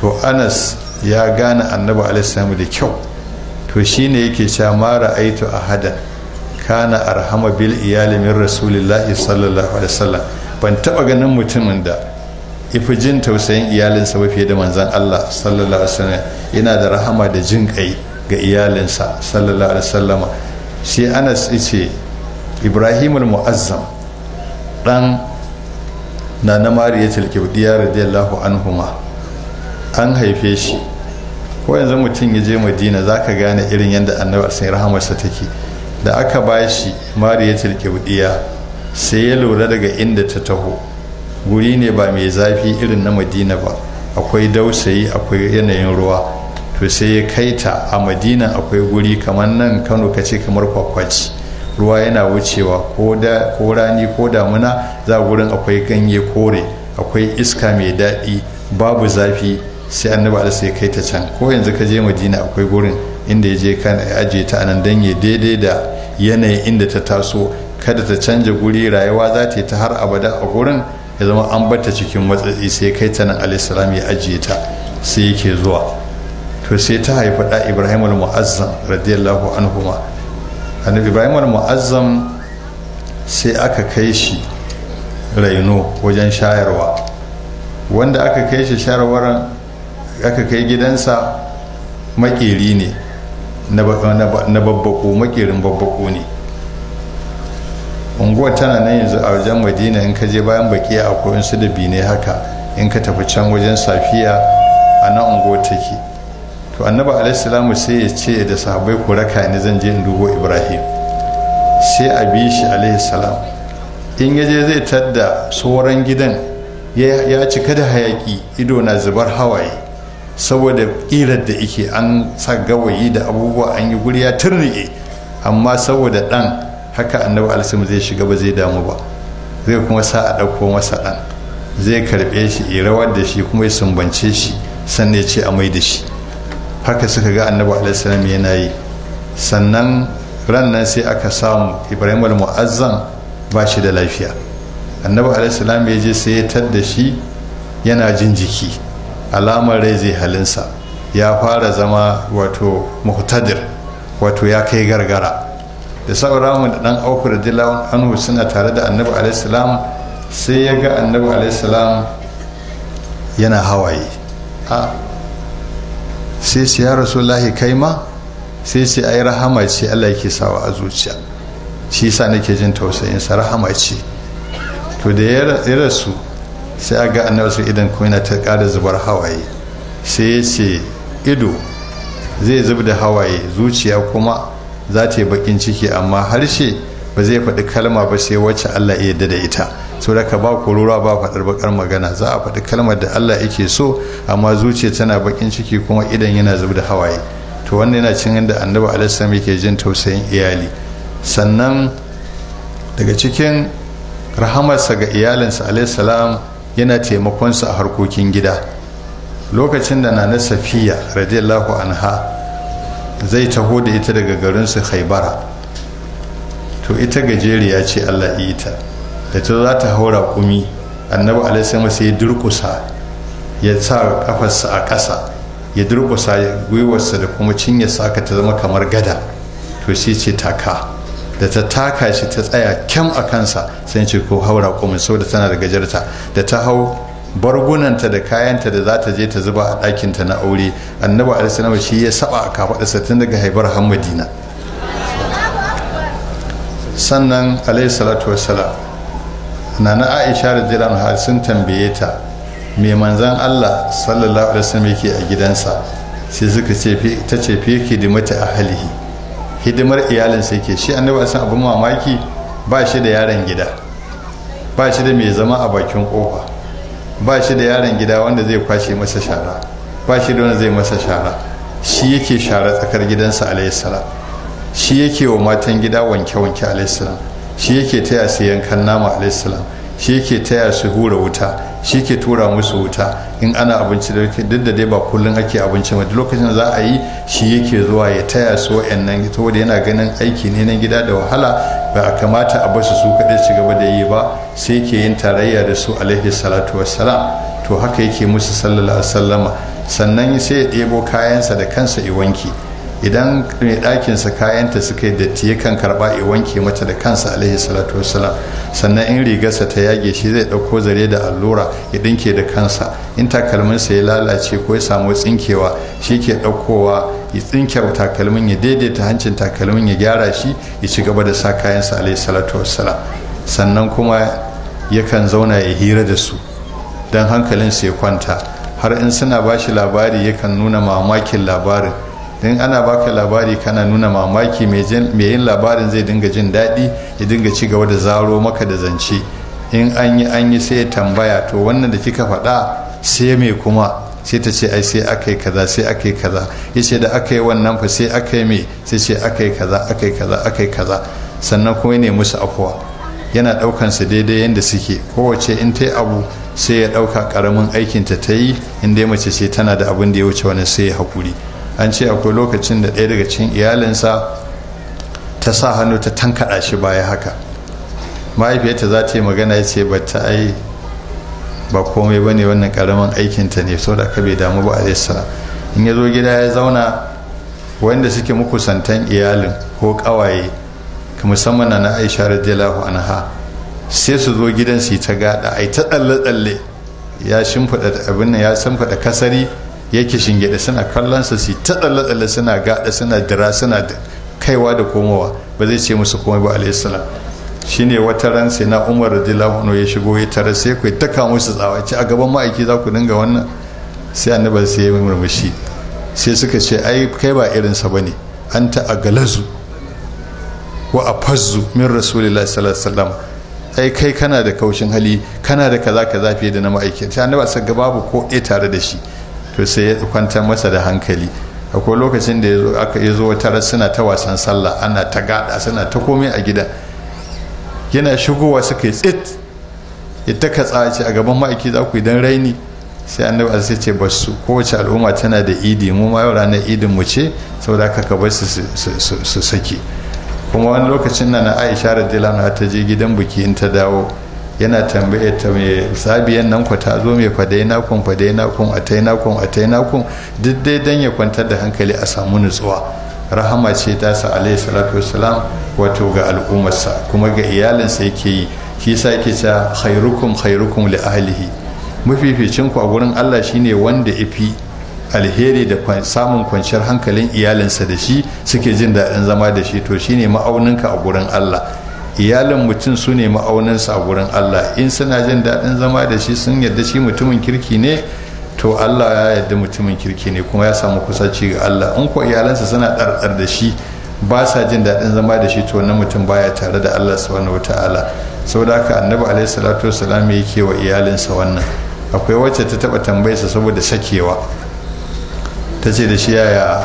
to anas ya gane annabi alaihi da kyau to shine yake cewa ma a hada kana arhama bil iyali min rasulillahi sallallahu alaihi wasallam ban taba ganin mutumin da ifi jin tausayin iyalinsa ba fiye da manzan Allah sallallahu alaihi wasallam yana da rahama da jin kai ga iyalinsa sallallahu alaihi wasallam shi Anas yace Ibrahimul Mu'azzam dan na na mariya tilkibdiya radiyallahu anhuma an haife shi ko yanzu mutum ya je madina za ka gane irin yadda annabar sai rahamarsa take da aka ba shi mariya tilkibdiya sai ya lura daga inda ta taho guri ne ba mai zafi irin na madina ba akwai dausayi akwai yanayin ruwa to sai ya kaita a madina akwai guri kamar nan kano kace kamar kwakwaci ruwa yana wucewa ko rani ko damuna za wurin akwai ganye kore akwai iska mai daɗi babu zafi sai annabi da sai kai ta can ko yanzu ka je Madina akwai gurin inda ya je kan aje ta anan danye daidai da yanayin inda ta taso kada ta canja guri rayuwa za ta yi ta har abada a gurin ya zama an bata cikin matsatsi sai kai ta nan alaihissalam ya ajiye ta sai yake zuwa to sai ta haifi da ibrahim al-mu'azzam radiyallahu anhu annabi bayan wani mu'azzam sai aka kai shi raino wajen shayarwa wanda aka kai shi shayarwar aka kai gidansa makeri ne na babbaƙo makerin babbaƙo ne unguwar tana nan yanzu a wajen madina in ka je bayan bakiya akwai su da ne haka in ka tafi can wajen safiya a nan unguwar take to annaba alaihi sai ya ce da sahabbai ku raka ni zan je in dubo ibrahim sai a bi shi alaihi in ya je zai tadda sauran gidan ya cika da hayaki ido na zubar hawaye saboda ƙirar da yake an sa gawayi da abubuwa an yi guri ya turniye amma saboda ɗan haka annabi alaihi zai shiga ba zai damu ba zai kuma sa a ɗauko masa ɗan zai karɓe shi ya da shi kuma ya sumbance shi sannan ya ce a mai da shi haka suka ga annabi alaihissalam yana yi sannan ran sai aka samu ibrahim al muazzan ba shi da lafiya annabi alaihissalam ya je sai ya tadda shi yana jin jiki alamar rai zai halinsa ya fara zama wato muhtadir wato ya kai gargara da sauramu da ɗan auku da dilawan anhu suna tare da annabi alaihissalam sai ya ga annabi alaihissalam yana hawaye ah, sai su ya rasu lahi kai ma sai su ai rahama ce Allah yake sawa a zuciya shi yasa nake jin tausayin sa rahama ce to da ya rasu sai ga annabi su idan ko yana ta kada zubar hawaye sai ya ido zai zub da hawaye zuciya kuma za ta yi bakin ciki amma harshe ba zai faɗi kalma ba sai wacce Allah ya yarda da ita da ka ba korora ba faɗar bakar magana za a faɗi kalmar da Allah yake so amma zuciya tana bakin ciki kuma idan yana zub da hawaye to wannan yana cin inda annabi alaihissalam yake jin tausayin iyali sannan daga cikin rahamarsa ga iyalinsa alaihissalam yana taimakonsa a harkokin gida lokacin da na na safiya radiyallahu anha zai taho da ita daga garin su haibara to ita gajeriya ce allah ita da ta za ta haura kumi annabi alaihi sai ya durkusa ya sa kafarsa a ƙasa ya durkusa gwiwarsa da kuma cinyarsa aka ta zama kamar gada to sai ce taka da ta taka shi ta tsaya kyam a kansa sai ce ko haura kumin saboda tana da gajarta da ta hau bargunanta da kayanta da za ta je ta zuba a ɗakinta na aure annabi alaihi shi ya saba a kafaɗarsa tun daga haibar hamadina sannan alaihi salatu wassalam nana aisha jiran anha sun tambaye ta me manzan allah sallallahu alaihi wasallam yake a gidansa sai suka ce ta ce fi yake da mata halihi hidimar iyalinsa yake shi annabi san abin mamaki ba shi da yaron gida ba shi da mai zama a bakin kofa ba shi da yaron gida wanda zai kwashe masa shara ba shi da wanda zai masa shara shi yake shara tsakar gidansa alaihi salam shi yake wa matan gida wanke-wanke alaihi salam shi yake taya su yankan nama alaihissalam shi yake taya su hura wuta shi ke tura musu wuta in ana abinci da duk da dai ba kullum ake abinci ba duk lokacin za a yi shi yake zuwa ya taya su wa'annan saboda yana ganin aiki ne na gida da wahala ba a kamata a basu su kaɗai ci gaba da yi ba sai ke yin tarayya da su alaihi salatu wassalam to haka yake musu sallallahu alaihi wasallama sannan sai ya debo kayansa da kansa ya wanki idan mai ɗakinsa kayanta suka yi datti yakan karɓa ya wanke mata da kansa alaihi salatu wasalam sannan in rigarsa ta yage shi zai ɗauko zare da allura ya ɗinke da kansa in takalminsa ya lalace ko ya samu tsinkewa shi ke ɗaukowa ya tsinke takalmin ya daidaita hancin takalmin ya gyara shi ya ci gaba da sa kayansa alaihi salatu wasalam sannan kuma yakan zauna ya hira da su don hankalinsa ya kwanta har in suna bashi labari yakan nuna mamakin labarin don ana baka labari kana nuna mamaki mai yin labarin zai dinga jin daɗi ya dinga ci gaba da zaro maka da zance in an yi an yi sai tambaya to wannan da kika faɗa sai mai kuma sai ta ce ai sai aka yi kaza sai aka yi kaza ya ce da aka yi wannan fa sai aka yi mai sai ce aka yi kaza aka yi kaza aka yi kaza sannan kuma ne musu afuwa yana ɗaukan su daidai yadda suke kowace in ta yi abu sai ya ɗauka ƙaramin aikinta ta yi in dai mace ce tana da abin da ya wuce wani sai ya haƙuri an ce akwai lokacin da ɗaya daga cikin iyalinsa ta sa hannu ta tankaɗa shi baya haka mahaifiyarta za ta yi magana ya ce ba ta ai ba komai ba ne wannan ƙaramin aikinta ne so da aka bai damu ba a alaihissala in ya zo gida ya zauna wanda suke mukusantan iyalin ko ƙawaye musamman na aisha radiyallahu anha sai su zo gidan su ta gada ai ta tsalle-tsalle ya shimfiɗa abin ya shimfiɗa kasari yake da suna kallonsa su ta tsalle-tsalle suna gada suna dira suna kaiwa da komowa ba zai ce musu komai ba alayhi salam shine wata ran sai na umar radiyallahu anhu ya shigo ya tare sai ku ta kamo musu tsawaci a gaban ma'aiki za ku dinga wannan sai annabi sai ya murmushi sai suka ce ai kai ba irin sa bane an ta agalazu wa afazzu min rasulillahi sallallahu alaihi wasallam ai kai kana da kaushin hali kana da kaza kaza fiye da na sai annabi sai ga babu ko ɗaya tare da shi to sai ya kwantar masa da hankali akwai lokacin da aka yi zo tara suna ta wasan sallah ana ta gada suna ta komai a gida yana shigowa suka yi tsit ya ta katsa ce a gaban ma'aiki za ku yi don raini sai annabi a sai ce ba su kowace al'umma tana da idi mu ma yau ranar idin mu ce saboda haka ka kaba su saki kuma wani lokacin na na aisha radiyallahu anha ta je gidan biki in ta dawo yana tambaye ta mai sabiyan nan ku ta zo mai kun nakun na nakun a nakun a nakun duk dai dan ya kwantar da hankali a samu nutsuwa rahama ce ta sa alaihi salatu wassalam wato ga al'ummarsa kuma ga iyalinsa yake yi shi sa yake ta khairukum khairukum li ahlihi mafificin ku a gurin Allah shine wanda ifi alheri da samun kwanciyar hankalin iyalinsa da shi suke jin daɗin zama da shi to shine ma'auninka a gurin Allah iyalin mutum su ne ma'auninsa a wurin allah in suna jin daɗin zama da shi sun yarda shi mutumin kirki ne to allah ya yarda mutumin kirki ne kuma ya samu kusaci ga allah in ko iyalansa suna ɗarɗar da shi ba sa jin daɗin zama da shi to na mutum baya tare da allah subhanahu wa saboda haka annabi alaihi salatu wasalam yake wa iyalinsa wannan akwai wacce ta taba tambayarsa saboda sakewa ta da shi yaya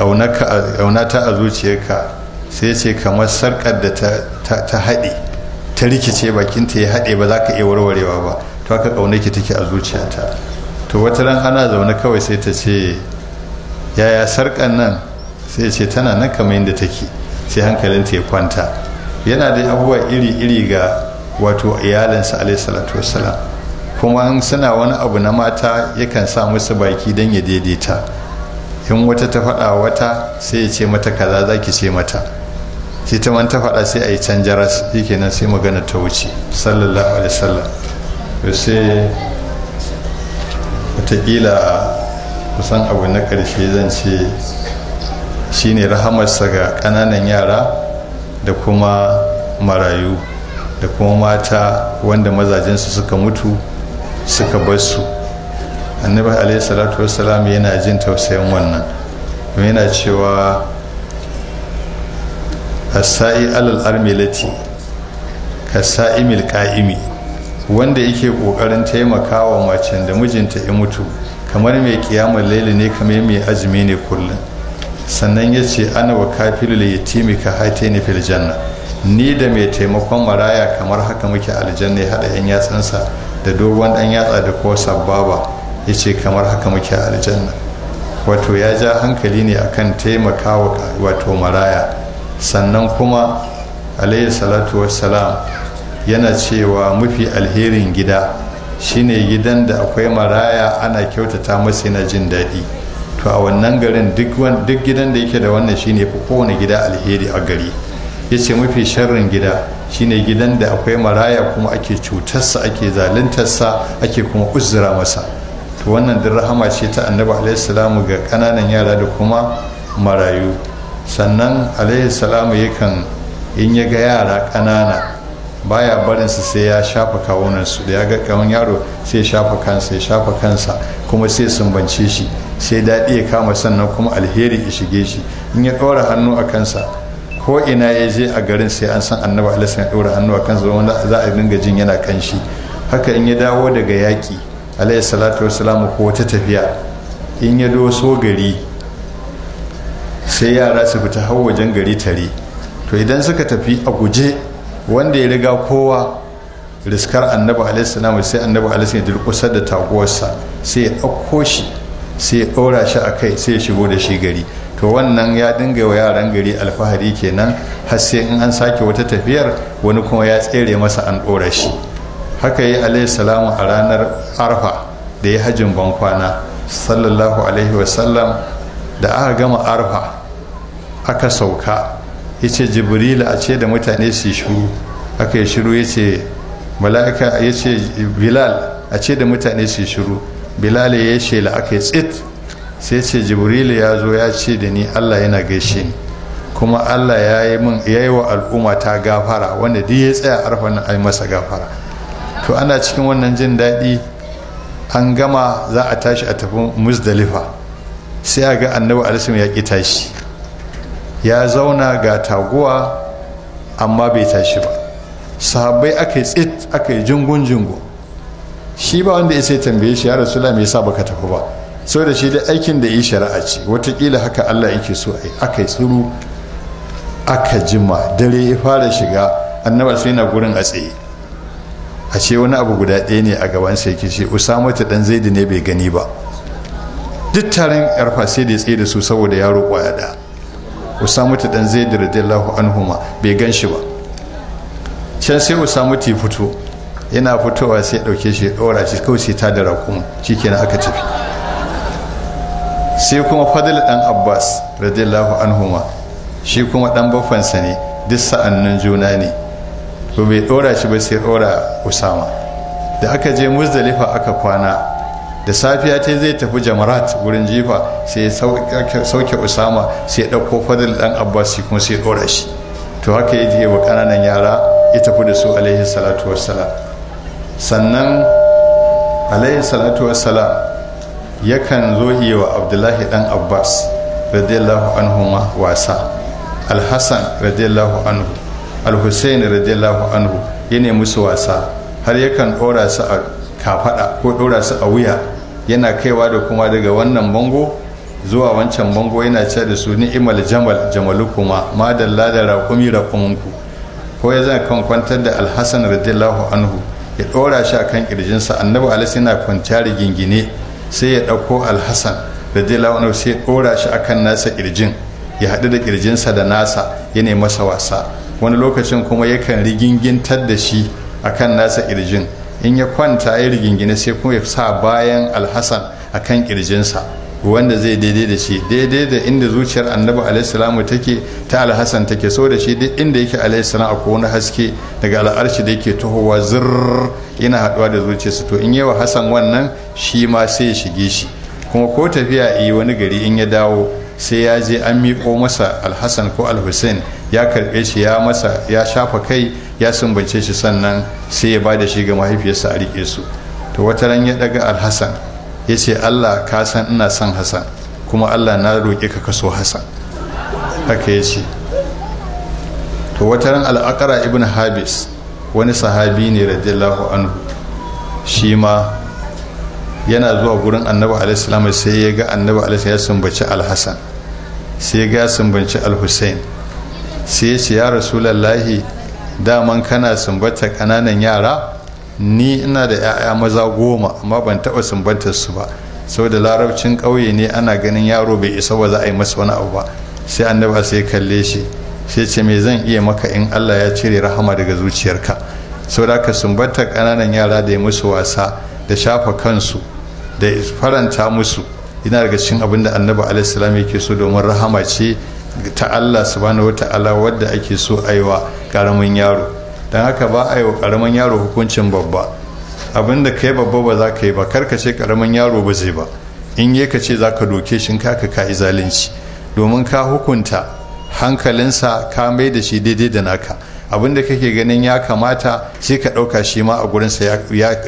a zuciyarka sai ce kamar sarkar da ta haɗe ta rikice ta ya haɗe ba za ka iya warwarewa ba to haka ƙaunar ki take a zuciyata to wata ran ana zaune kawai sai ta ce yaya sarkar nan sai ce tana nan kamar yadda take sai hankalinta ya kwanta yana da abubuwa iri-iri ga wato iyalinsa alaihi salatu wassalam kuma suna wani abu na mata yakan sa musu baki don ya daidaita in wata ta faɗa wata sai ya ce mata kaza za ki ce mata shi ta man ta faɗa sai a yi can jaras kenan sai magana ta wuce sallallahu alaihi wasallam to sai wataƙila kusan abu na ƙarshe zan ce shine rahamarsa ga ƙananan yara da kuma marayu da kuma mata wanda mazajensu suka mutu suka bar su annabi alaihi salatu salam yana jin tausayin wannan yana cewa kasai alal armilati kasaimil ka'imi wanda yake kokarin taimakawa mace da mijinta ya mutu kamar mai kiyamar laili ne kamar mai azumi ne kullum sannan ya ce ana wa kafilu da yatimi ka haite ni fil janna ni da mai taimakon maraya kamar haka muke aljanna ya haɗa yan yatsansa da dogon ɗan yatsa da ko sababa ya ce kamar haka muke aljanna wato ya ja hankali ne akan taimakawa wato maraya sannan kuma alayhi salatu wassalam yana cewa mafi alherin gida shine gidan da akwai maraya ana kyautata masa yana jin daɗi to a wannan garin duk gidan da yake da wannan shine fi kowane gida alheri a gari ya ce mafi sharrin gida shine gidan da akwai maraya kuma ake cutarsa ake zaluntarsa ake kuma uzura masa to wannan din ce ta annabi alaihi salamu ga ƙananan yara da kuma marayu sannan alaihi salamu yakan in ya ga yara kanana baya barin su sai ya shafa kawunan da ya ga kawun yaro sai ya shafa kansa ya shafa kansa kuma sai sumbance shi sai daɗi ya kama sannan kuma alheri ya shige shi in ya ɗora hannu a kansa ko ina ya je a garin sai an san annabi alaihi ya ɗora hannu a kansa wanda za a dinga jin yana kan shi haka in ya dawo daga yaƙi alaihi salatu wassalamu ko wata tafiya in ya doso gari sai yara su fita har wajen gari tare to idan suka tafi a guje wanda ya riga kowa riskar annabi alaihissalam sai annabi alaihissalam ya durkusa da taguwarsa sai ya ɗauko shi sai ya ɗora shi a kai sai ya shigo da shi gari to wannan ya dinga wa yaran gari alfahari kenan har sai in an sake wata tafiyar wani kuma ya tsere masa an ɗora shi haka yi alaihissalam a ranar arfa da ya hajjin bankwana sallallahu alaihi wasallam da aka gama arfa aka sauka ya ce jibrila a ce da mutane su shiru aka yi shiru ya ce mala'ika ya ce bilal a ce da mutane su shiru bilal ya yi shela aka yi tsit sai ce jibrila ya zo ya ce da ni allah yana gaishe ni kuma allah ya yi min ya yi wa al'umma ta gafara wanda duk ya tsaya arfan nan ai masa gafara to ana cikin wannan jin daɗi an gama za a tashi a tafi musdalifa sai a ga annabi alisim ya ƙi tashi ya zauna ga taguwa amma bai tashi ba sahabbai aka yi tsit aka yi jingun-jingun shi ba wanda ya sai tambaye shi ya rasu me yasa baka tafi ba da shi da aikin da yi shari'a ce watakila haka allah yake so a yi aka yi tsuru aka jima dare ya fara shiga annabar sai na gurin a tsaye a ce wani abu guda ɗaya ne a gaban sai ke ce usama ta dan zaidi ne bai gani ba duk taron yarfa sai da ya tsaye da su saboda yaro kwaya ɗaya usamatu dan zaid radiyallahu anhuma bai gan shi ba can sai usamatu ya fito yana fitowa sai dauke shi dora shi kawai sai ta da rakuma shikenan aka tafi sai kuma fadl dan abbas radiyallahu anhuma shi kuma dan bafansa ne duk sa'annin juna ne ba bai dora shi ba sai dora usama da aka je muzdalifa aka kwana da safiya ta zai tafi jamarat wurin jifa sai sauke usama sai ɗauko fadil ɗan abbasi kuma sai ɗora shi to haka ya je wa ƙananan yara ya tafi da su alaihi salatu wassalam sannan alaihi salatu wassalam yakan zo iya wa abdullahi ɗan abbas radiyallahu anhu ma wasa alhassan radiyallahu anhu alhussein radiyallahu anhu ya nemi su wasa har yakan ɗora su a kafaɗa ko ɗora su a wuya yana kaiwa da kuma daga wannan bango zuwa wancan bango yana ce da su ni'imal jamal jamalu kuma madalla da rakumi ku ko ya zai kan kwantar da alhassan radiyallahu anhu ya ɗora shi akan kirjinsa annabi alis na kwanta rigingine sai ya ɗauko alhassan radiyallahu anhu sai ya ɗora shi akan nasa kirjin ya haɗu da kirjinsa da nasa ya masa wasa wani lokacin kuma yakan rigingintar da shi akan nasa kirjin in ya kwanta ya rigingine sai kuma ya sa bayan alhassan a kan kirjinsa wanda zai daidai da shi daidai da inda zuciyar annabi alaihissalamu take ta alhassan take so da shi duk inda yake alaihi a kowane haske daga al'arshi da yake tohowa zurr yana haduwa da zuciyarsa to in yawa hassan wannan shi ma sai ya shige shi kuma ko tafiya yi wani gari in ya dawo sai ya je an miƙo masa alhassan ko alhussein ya karbe shi ya masa ya shafa kai ya sumbace shi sannan sai ya bada shi ga mahaifiyarsa a rike su to wata ran ya daga alhassan ya ce allah ka san ina son hassan kuma allah na roƙe ka kaso hassan haka ya ce to wata ran al'akara ibn habis wani sahabi ne radiyallahu anhu shi ma yana zuwa gurin annabi alaihi sai ya ga annabi alaihissalam ya sumbaci alhassan sai ya ga sumbanci alhussein sai ya ce ya rasulallahi daman kana sumbata kananan yara ni ina da 'ya'ya maza goma amma ban taɓa sumbata su ba saboda larabcin ƙauye ne ana ganin yaro bai isa ba za a yi masa wani abu ba sai annaba sai kalle shi sai ce me zan iya maka in allah ya cire rahama daga zuciyarka saboda ka sumbata kananan yara da ya musu wasa da shafa kansu da faranta musu ina daga cikin abin da annabi alaihi salam yake so domin rahama ce ta Allah subhanahu wata'ala wadda ake so wa karamin yaro don haka ba a yi wa karamin yaro hukuncin babba abinda kai babba ba za ka yi ba karka ce karamin yaro ba zai ba in yi ka ce za ka doke shi ka ka yi zalunci domin ka hukunta hankalinsa ka mai da shi daidai da naka abinda kake ganin ya kamata sai ka ɗauka shi ma a gurinsa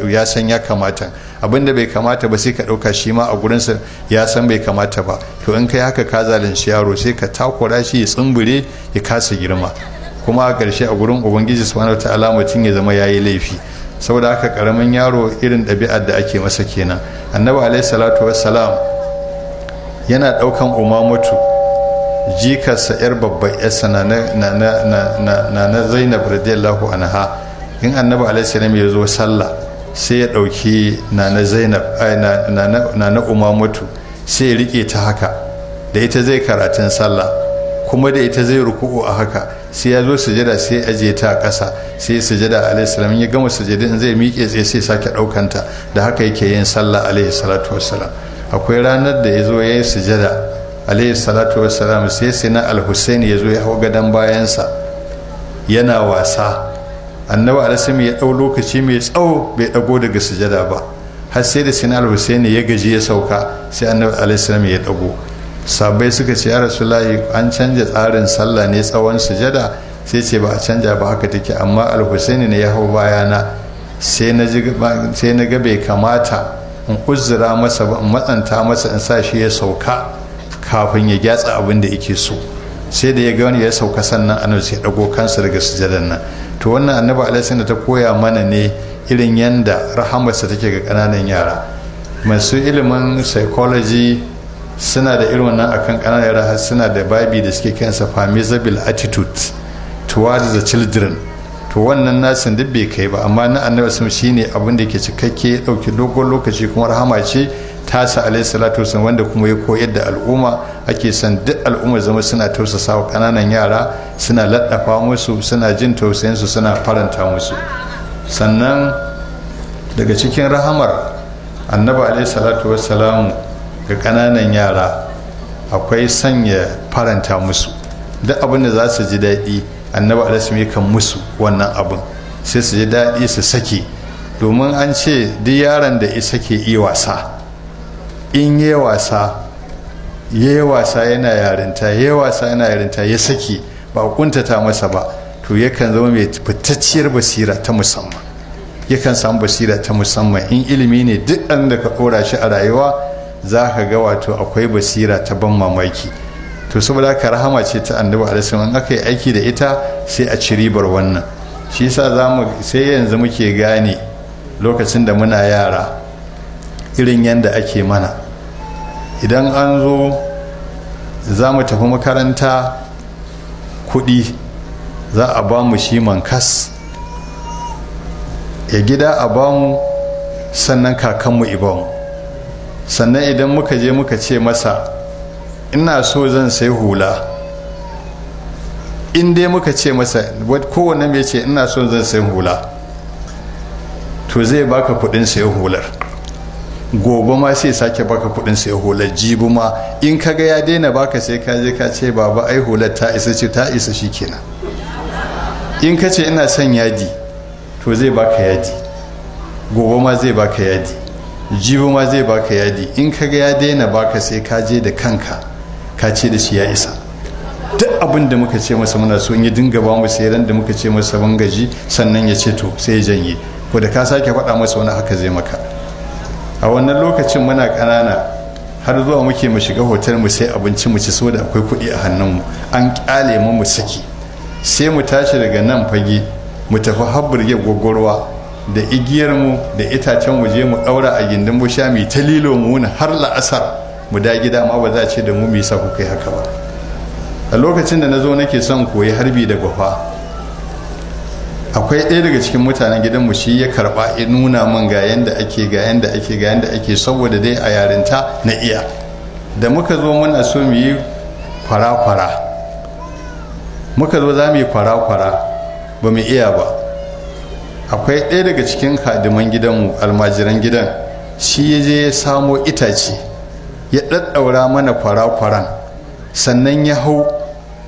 ya san ya kamata abinda bai kamata ba sai ka ɗauka shi ma a gurinsa ya san bai kamata ba to in kai haka ka zalunci yaro sai ka takura shi ya tsumbure ya kasa girma kuma a ƙarshe a gurin ubangiji subhanahu ta'ala mutum ya zama yayi laifi saboda haka karamin yaro irin ɗabi'ar da ake masa kenan annabi alayhi salatu wassalam yana ɗaukan umamatu jikarsa yar babban yarsa na na zainab radiyallahu anha in annabi alayhi salam ya zo sallah sai ya ɗauki na zainab na nana umamatu sai ya rike ta haka da ita zai karatun sallah kuma da ita zai ruku'u a haka sai ya zo sujada sai aje ta a ƙasa sai sujada alaihi salam ya gama in zai miƙe tsaye sai sake ɗaukanta da haka yake yin sallah alaihi salatu wassalam akwai ranar da ya zo ya yi sujada alaihi salatu wassalam sai sai na alhussein ya zo ya hau gadon bayansa yana wasa annabi alasami ya dau lokaci mai tsawo bai ɗago daga sujada ba har sai da sina al-husaini ya gaji ya sauka sai annabi alasami ya ɗago sabai suka ce ya rasulahi an canja tsarin sallah ne tsawon sujada sai ce ba a canja ba haka take amma al-husaini ne ya hau bayana sai na ga bai kamata in uzura masa ba in matsanta masa in sa shi ya sauka kafin ya gyatsa abin da yake so sai da ya ga wani ya sauka sannan annabi sai dago kansa daga sujadan nan to wannan annabi alaihi ta koya mana ne irin yanda rahamarsa take ga kananan yara masu ilimin psychology suna da irin wannan akan kananan yara suna da babi da suke kansa permissible attitude towards the children to wannan nasin duk bai kai ba amma na annabi sun shine abin da ke cikakke dauki dogon lokaci kuma rahama ce tasa alaihi salatu wasallam wanda kuma ya koyar da al'umma ake san duk al'umma zama suna tausasa wa kananan yara suna laddafa musu suna jin tausayinsu suna faranta musu sannan daga cikin rahamar annabi alaihi salatu wasallam ga kananan yara akwai sanya faranta musu duk abin da za su ji daɗi annabi alaihi salatu kan musu wannan abin sai su ji daɗi su sake domin an ce duk yaron da isa ke iya wasa in yi wasa ya yi wasa yana yarinta ya yi wasa yana yarinta ya saki ba kuntata masa ba to yakan zama mai fitacciyar basira ta musamman yakan samu basira ta musamman in ilimi ne duk ɗan da ka kora shi a rayuwa za ka ga wato akwai basira ta ban mamaki to saboda ka rahama ce ta annabi alaihi in aka yi aiki da ita sai a ci ribar wannan shi yasa zamu sai yanzu muke gane lokacin da muna yara irin yanda ake mana idan an zo za mu tafi makaranta kuɗi za a ba mu shi mankas ya gida a ba mu sannan kakanmu ibon sannan idan muka je muka ce masa ina so zan sai hula in dai muka ce masa kowane mai ce ina so zan sai hula to zai baka kudin sai hular gobe ma sai sake baka kudin sai hular jibi ma in kaga ya daina baka sai ka je ka ce baba ai hular ta isa ce ta isa shikenan in ka ce ina son yadi to zai baka yadi gobe ma zai baka yadi jibi ma zai baka yadi in kaga ya daina baka sai ka je da kanka ka ce da shi ya isa duk abin da muka ce masa muna so in ya dinga ba mu sai ran da muka ce masa bangaji sannan ya ce to sai janye ko da ka sake faɗa masa wani haka zai maka a wannan lokacin muna kanana har zuwa muke mu shiga hotel mu sai abinci mu ci so da akwai kuɗi a hannun mu an ƙyale mu mu saki sai mu tashi daga nan fage mu tafi habburge gwagwarwa da igiyar mu da itacen mu je mu ɗaura a gindin busha mai ta lilo mu wuni har la'asar mu da gida ma ba za a ce da mu mu sa ku kai haka ba a lokacin da na zo nake son koyi harbi da gwafa akwai ɗaya daga cikin mutanen gidanmu shi ya karba ya nuna min ga yanda ake ga yanda ake ga yanda ake saboda dai a yarinta na iya da muka zo muna so mu yi kwara-kwara muka zo za mu yi kwara-kwara ba mu iya ba akwai ɗaya daga cikin kadiman gidanmu almajiran gidan shi ya je ya samo itace ya ɗaɗɗaura mana kwara-kwaran sannan ya hau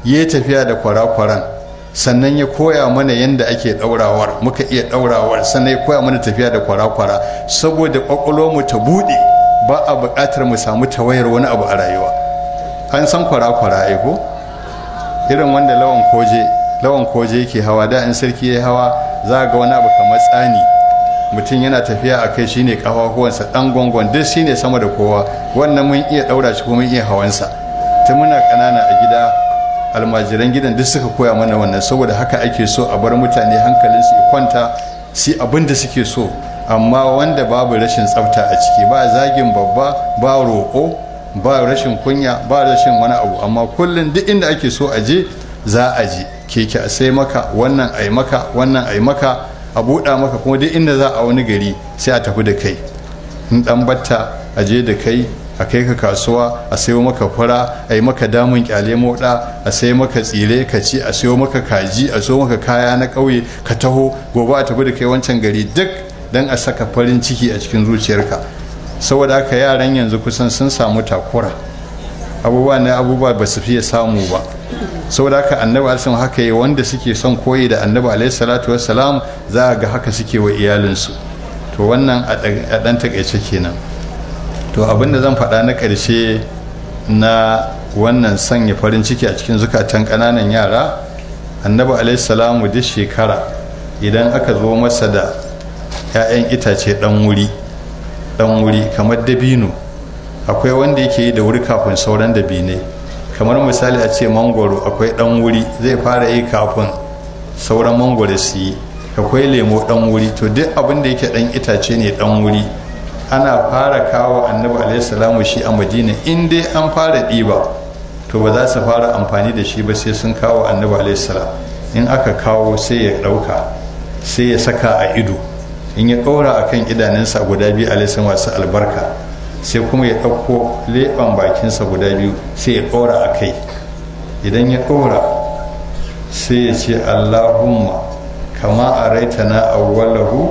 ya tafiya da kwara-kwaran sannan ya koya mana yadda ake ɗaurawar muka iya ɗaurawar sannan ya koya mana tafiya da kwara-kwara saboda mu ta buɗe ba a buƙatar mu samu tawayar wani abu a rayuwa an san kwara-kwara ai ko irin wanda lawan koje lawan koje yake hawa da in sarki ya hawa za ga wani abu kamar tsani mutum yana tafiya a kai shine kafafuwansa ɗan gwangwan duk shine sama da kowa wannan mun iya ɗaura shi kuma iya hawansa ta muna ƙanana a gida almajiran gidan duk suka koya mana wannan saboda haka ake so a bar mutane hankalin su kwanta si abin da suke so amma wanda babu rashin tsafta a ciki ba zagin babba ba roƙo ba rashin kunya ba rashin wani abu amma kullum duk inda ake so a je za a je keke a sai maka wannan ai maka wannan ai maka a buɗa maka kuma duk inda za a wani gari sai a tafi da kai in ɗan batta a je da kai a kai ka kasuwa a sayo maka fara a yi maka damun kyale moda a sayo maka tsire ka ci a sayo maka kaji a sayo maka kaya na kauye ka taho gobe a tafi da kai wancan gari duk dan a saka farin ciki a cikin zuciyarka saboda haka yaran yanzu kusan sun samu takura abubuwa na abubuwa ba su fiye samu ba saboda haka annabi alisun haka yi wanda suke son koyi da annabi alaihi salatu wassalam za a ga haka suke wa iyalinsu to wannan a ɗan takaice kenan to abin da zan faɗa na ƙarshe na wannan sanya farin ciki a cikin zukatan ƙananan yara annabi salamu duk shekara idan aka zo masa da 'ya'yan itace ɗan wuri ɗan wuri kamar dabino akwai wanda yake yi da wuri kafin sauran dabinai kamar misali a ce mangoro akwai ɗan wuri zai fara yi kafin sauran mangoro su yi akwai lemo ɗan wuri to duk abin da yake ɗan itace ne ɗan wuri ana fara kawo annabi alaihi shi a madina in dai an fara ɗiba to ba za su fara amfani da shi ba sai sun kawo annabi alaihi in aka kawo sai ya ɗauka sai ya saka a ido in ya ɗora a kan idanunsa guda biyu alaihi masu albarka sai kuma ya ɗauko leɓen bakinsa guda biyu sai ya ɗora a kai idan ya ɗora sai ya ce allahumma kama a raitana awwalahu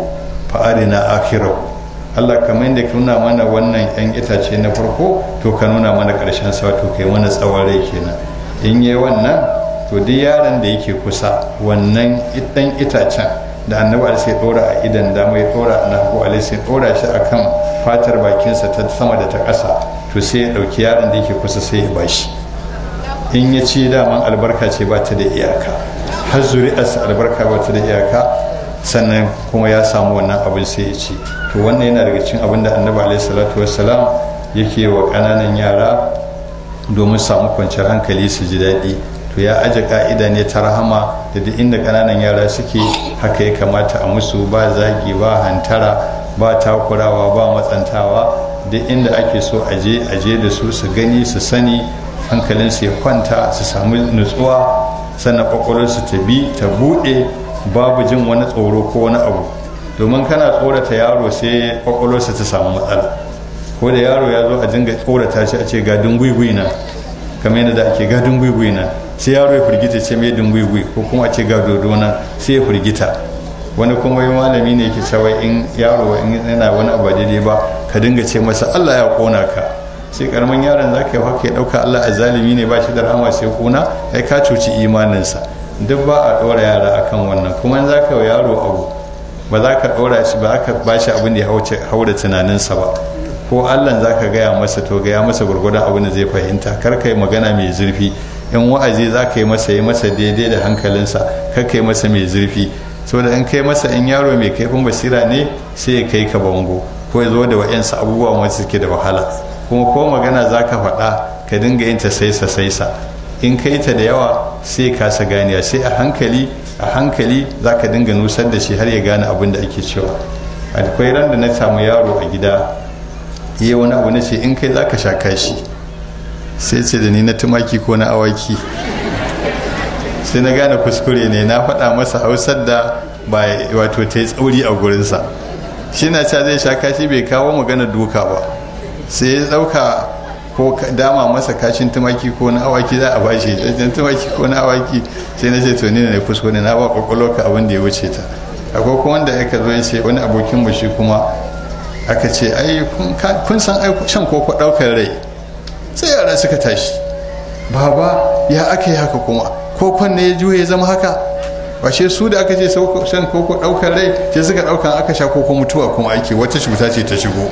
fa'arina akhirahu Allah kamar yadda ka nuna mana wannan yan itace na farko to ka nuna mana ƙarshen sa to kai mana tsawon rai kenan in yi wannan to duk yaron da yake kusa wannan ɗan itacen da annabi ali sai ɗora a idan da mai ɗora a ko ali sai ɗora shi a kan fatar bakinsa ta sama da ta ƙasa to sai ya ɗauki yaron da yake kusa sai ya bashi in ya ci daman albarka ce ba ta da iyaka har zuri'arsa albarka ba ta da iyaka sannan kuma ya samu wannan abin sai ya ci to wannan yana daga cikin abin da annabi alaihi salatu wassalam yake wa kananan yara domin samu kwanciyar hankali su ji daɗi to ya aje ka'ida ne ta rahama da duk inda ƙananan yara suke haka ya kamata a musu ba zagi ba hantara ba takurawa ba matsantawa duk inda ake so a aje aje da su su gani su sani hankalin su ya kwanta su samu nutsuwa sannan kwakwalwarsu ta bi ta buɗe babu jin wani tsoro ko wani abu domin kana tsorata yaro sai kwakwalwarsa ta samu matsala ko da yaro ya zo a dinga tsorata shi a ce ga dungwigwi na kamar yadda ake ga dungwigwi na sai yaro ya firgita ce mai dungwigwi ko kuma a ce ga dodo na sai ya firgita wani kuma yi malami ne ke cewa in yaro in yana wani abu daidai ba ka dinga ce masa Allah ya kona ka sai karamin yaron za ka yi haka ya dauka Allah a zalimi ne ba shi da rahama sai kona ai ka cuci imaninsa duk ba a ɗora yara akan wannan kuma za ka yaro abu ba za ka ɗora shi ba aka ba shi abin da ya haura tunaninsa ba ko allah za ka gaya masa to gaya masa gwargwadon abin da zai fahimta kar ka yi magana mai zurfi in wa'azi za ka yi masa yi masa daidai da hankalinsa kar ka yi masa mai zurfi da in kai masa in yaro mai kaifin basira ne sai ya kai ka bango ko ya zo da wayansa abubuwa masu suke da wahala kuma ko magana za ka faɗa ka dinga yin ta saisa saisa in kai ta da yawa sai kasa ganiya sai a hankali a hankali za ka dinga nusar da shi har ya gane abin da ake cewa akwai ran da na samu yaro a gida iya wani abu na ce in kai za ka sha kashi sai ce da ni na tumaki ko na awaki sai na gane kuskure ne na faɗa masa hausar da ba wato ta yi tsauri a gurinsa shi na ca zai sha kashi bai kawo magana doka ba sai ya ɗauka ko dama masa kashin tumaki ko na awaki za a bashi dan tumaki ko na awaki sai na ce to ni ne na ba kwakwalwar ka abin da ya wuce ta akwai kuma wanda aka zo ya ce wani abokin mu shi kuma aka ce ai kun san ai shan koko daukar rai sai yara suka tashi baba ya aka yi haka kuma kokon ne ya juye zama haka washe su da aka ce shan koko daukar rai sai suka daukan aka sha koko mutuwa kuma ake wata cuta ce ta shigo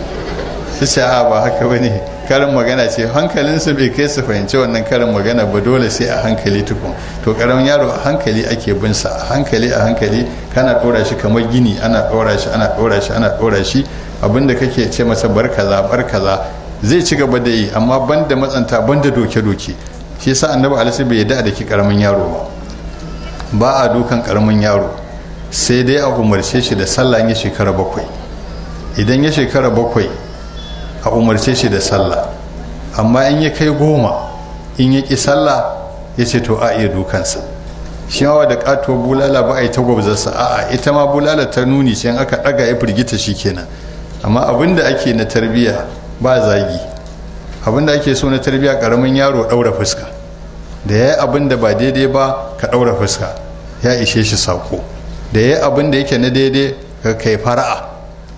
sai a ba haka bane karin magana ce hankalinsu bai kai su fahimci wannan karin magana ba dole sai a hankali tukun to karamin yaro a hankali ake bin sa a hankali a hankali kana ɗora shi kamar gini ana ɗora shi ana ɗora shi ana ɗora shi abinda kake ce masa bar kaza zai ci gaba da yi amma banda matsanta banda doke doke shi yasa annabi alaihi bai yadda da ki karamin yaro ba ba a dukan karamin yaro sai dai a umarce shi da sallah ya shekara bakwai idan ya shekara bakwai a umarce shi da sallah amma in ya kai goma in ya ki sallah ya ce to a iya dukansa shi ma da katuwar bulala ba a yi tagwabzarsa a'a ita ma bulala ta nuni sai aka ɗaga ya firgita shi kenan amma abin da ake na tarbiyya ba zagi abin da ake so na tarbiyya karamin yaro ɗaura fuska da ya yi abin da ba daidai ba ka ɗaura fuska ya ishe shi sako da ya yi abin da yake na daidai ka kai fara'a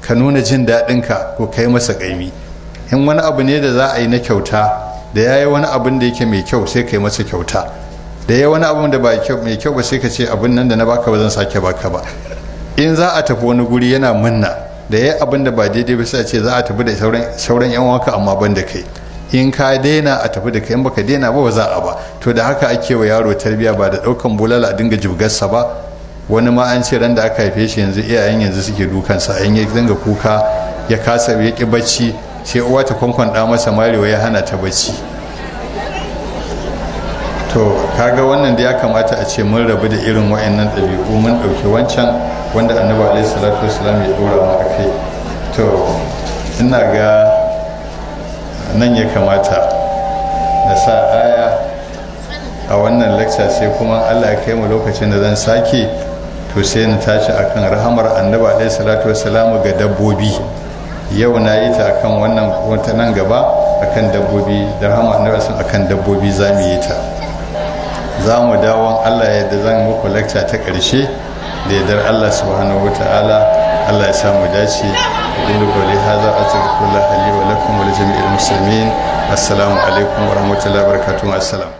ka nuna jin daɗinka ko kai masa ƙaimi in wani abu ne da za a yi na kyauta da ya yi wani abin da yake mai kyau sai ka yi masa kyauta da ya yi wani abin da mai kyau ba sai ka ce abin nan da na baka ba zan sake baka ba in za a tafi wani guri yana munna da ya yi abin da ba daidai ba sai a ce za a tafi da sauran yan waka amma ban da kai in ka daina a tafi da kai in baka daina ba ba za a ba to da haka ake wa yaro tarbiyya ba da daukan bulala a dinga jibgarsa ba wani ma an ce ran da aka haife shi yanzu iyayen yanzu suke dukansa in ya dinga kuka ya kasa ya ki bacci sai uwa ta da masa marewa ya hana ta bacci to kaga wannan da ya kamata a ce mun rabu da irin wa'annan ɗabi'u mun ɗauki wancan wanda annabi alaihi salatu wasalam ya ɗora mu akai to ina ga nan ya kamata na sa aya a wannan lecture sai kuma allah ya kai mu lokacin da zan sake to sai na tashi akan rahamar annabi alaihi salatu wasalam ga dabbobi yau na yi ta akan wannan wata nan gaba akan dabbobi da rahama na sun akan dabbobi za mu yi ta za mu dawo Allah ya zan muku lecture ta karshe da dar Allah subhanahu wataala Allah ya samu dace sa mu dace أقول قولي هذا أترك الله wa ولكم musulmin assalamu alaikum wa rahmatullahi wa وبركاته السلام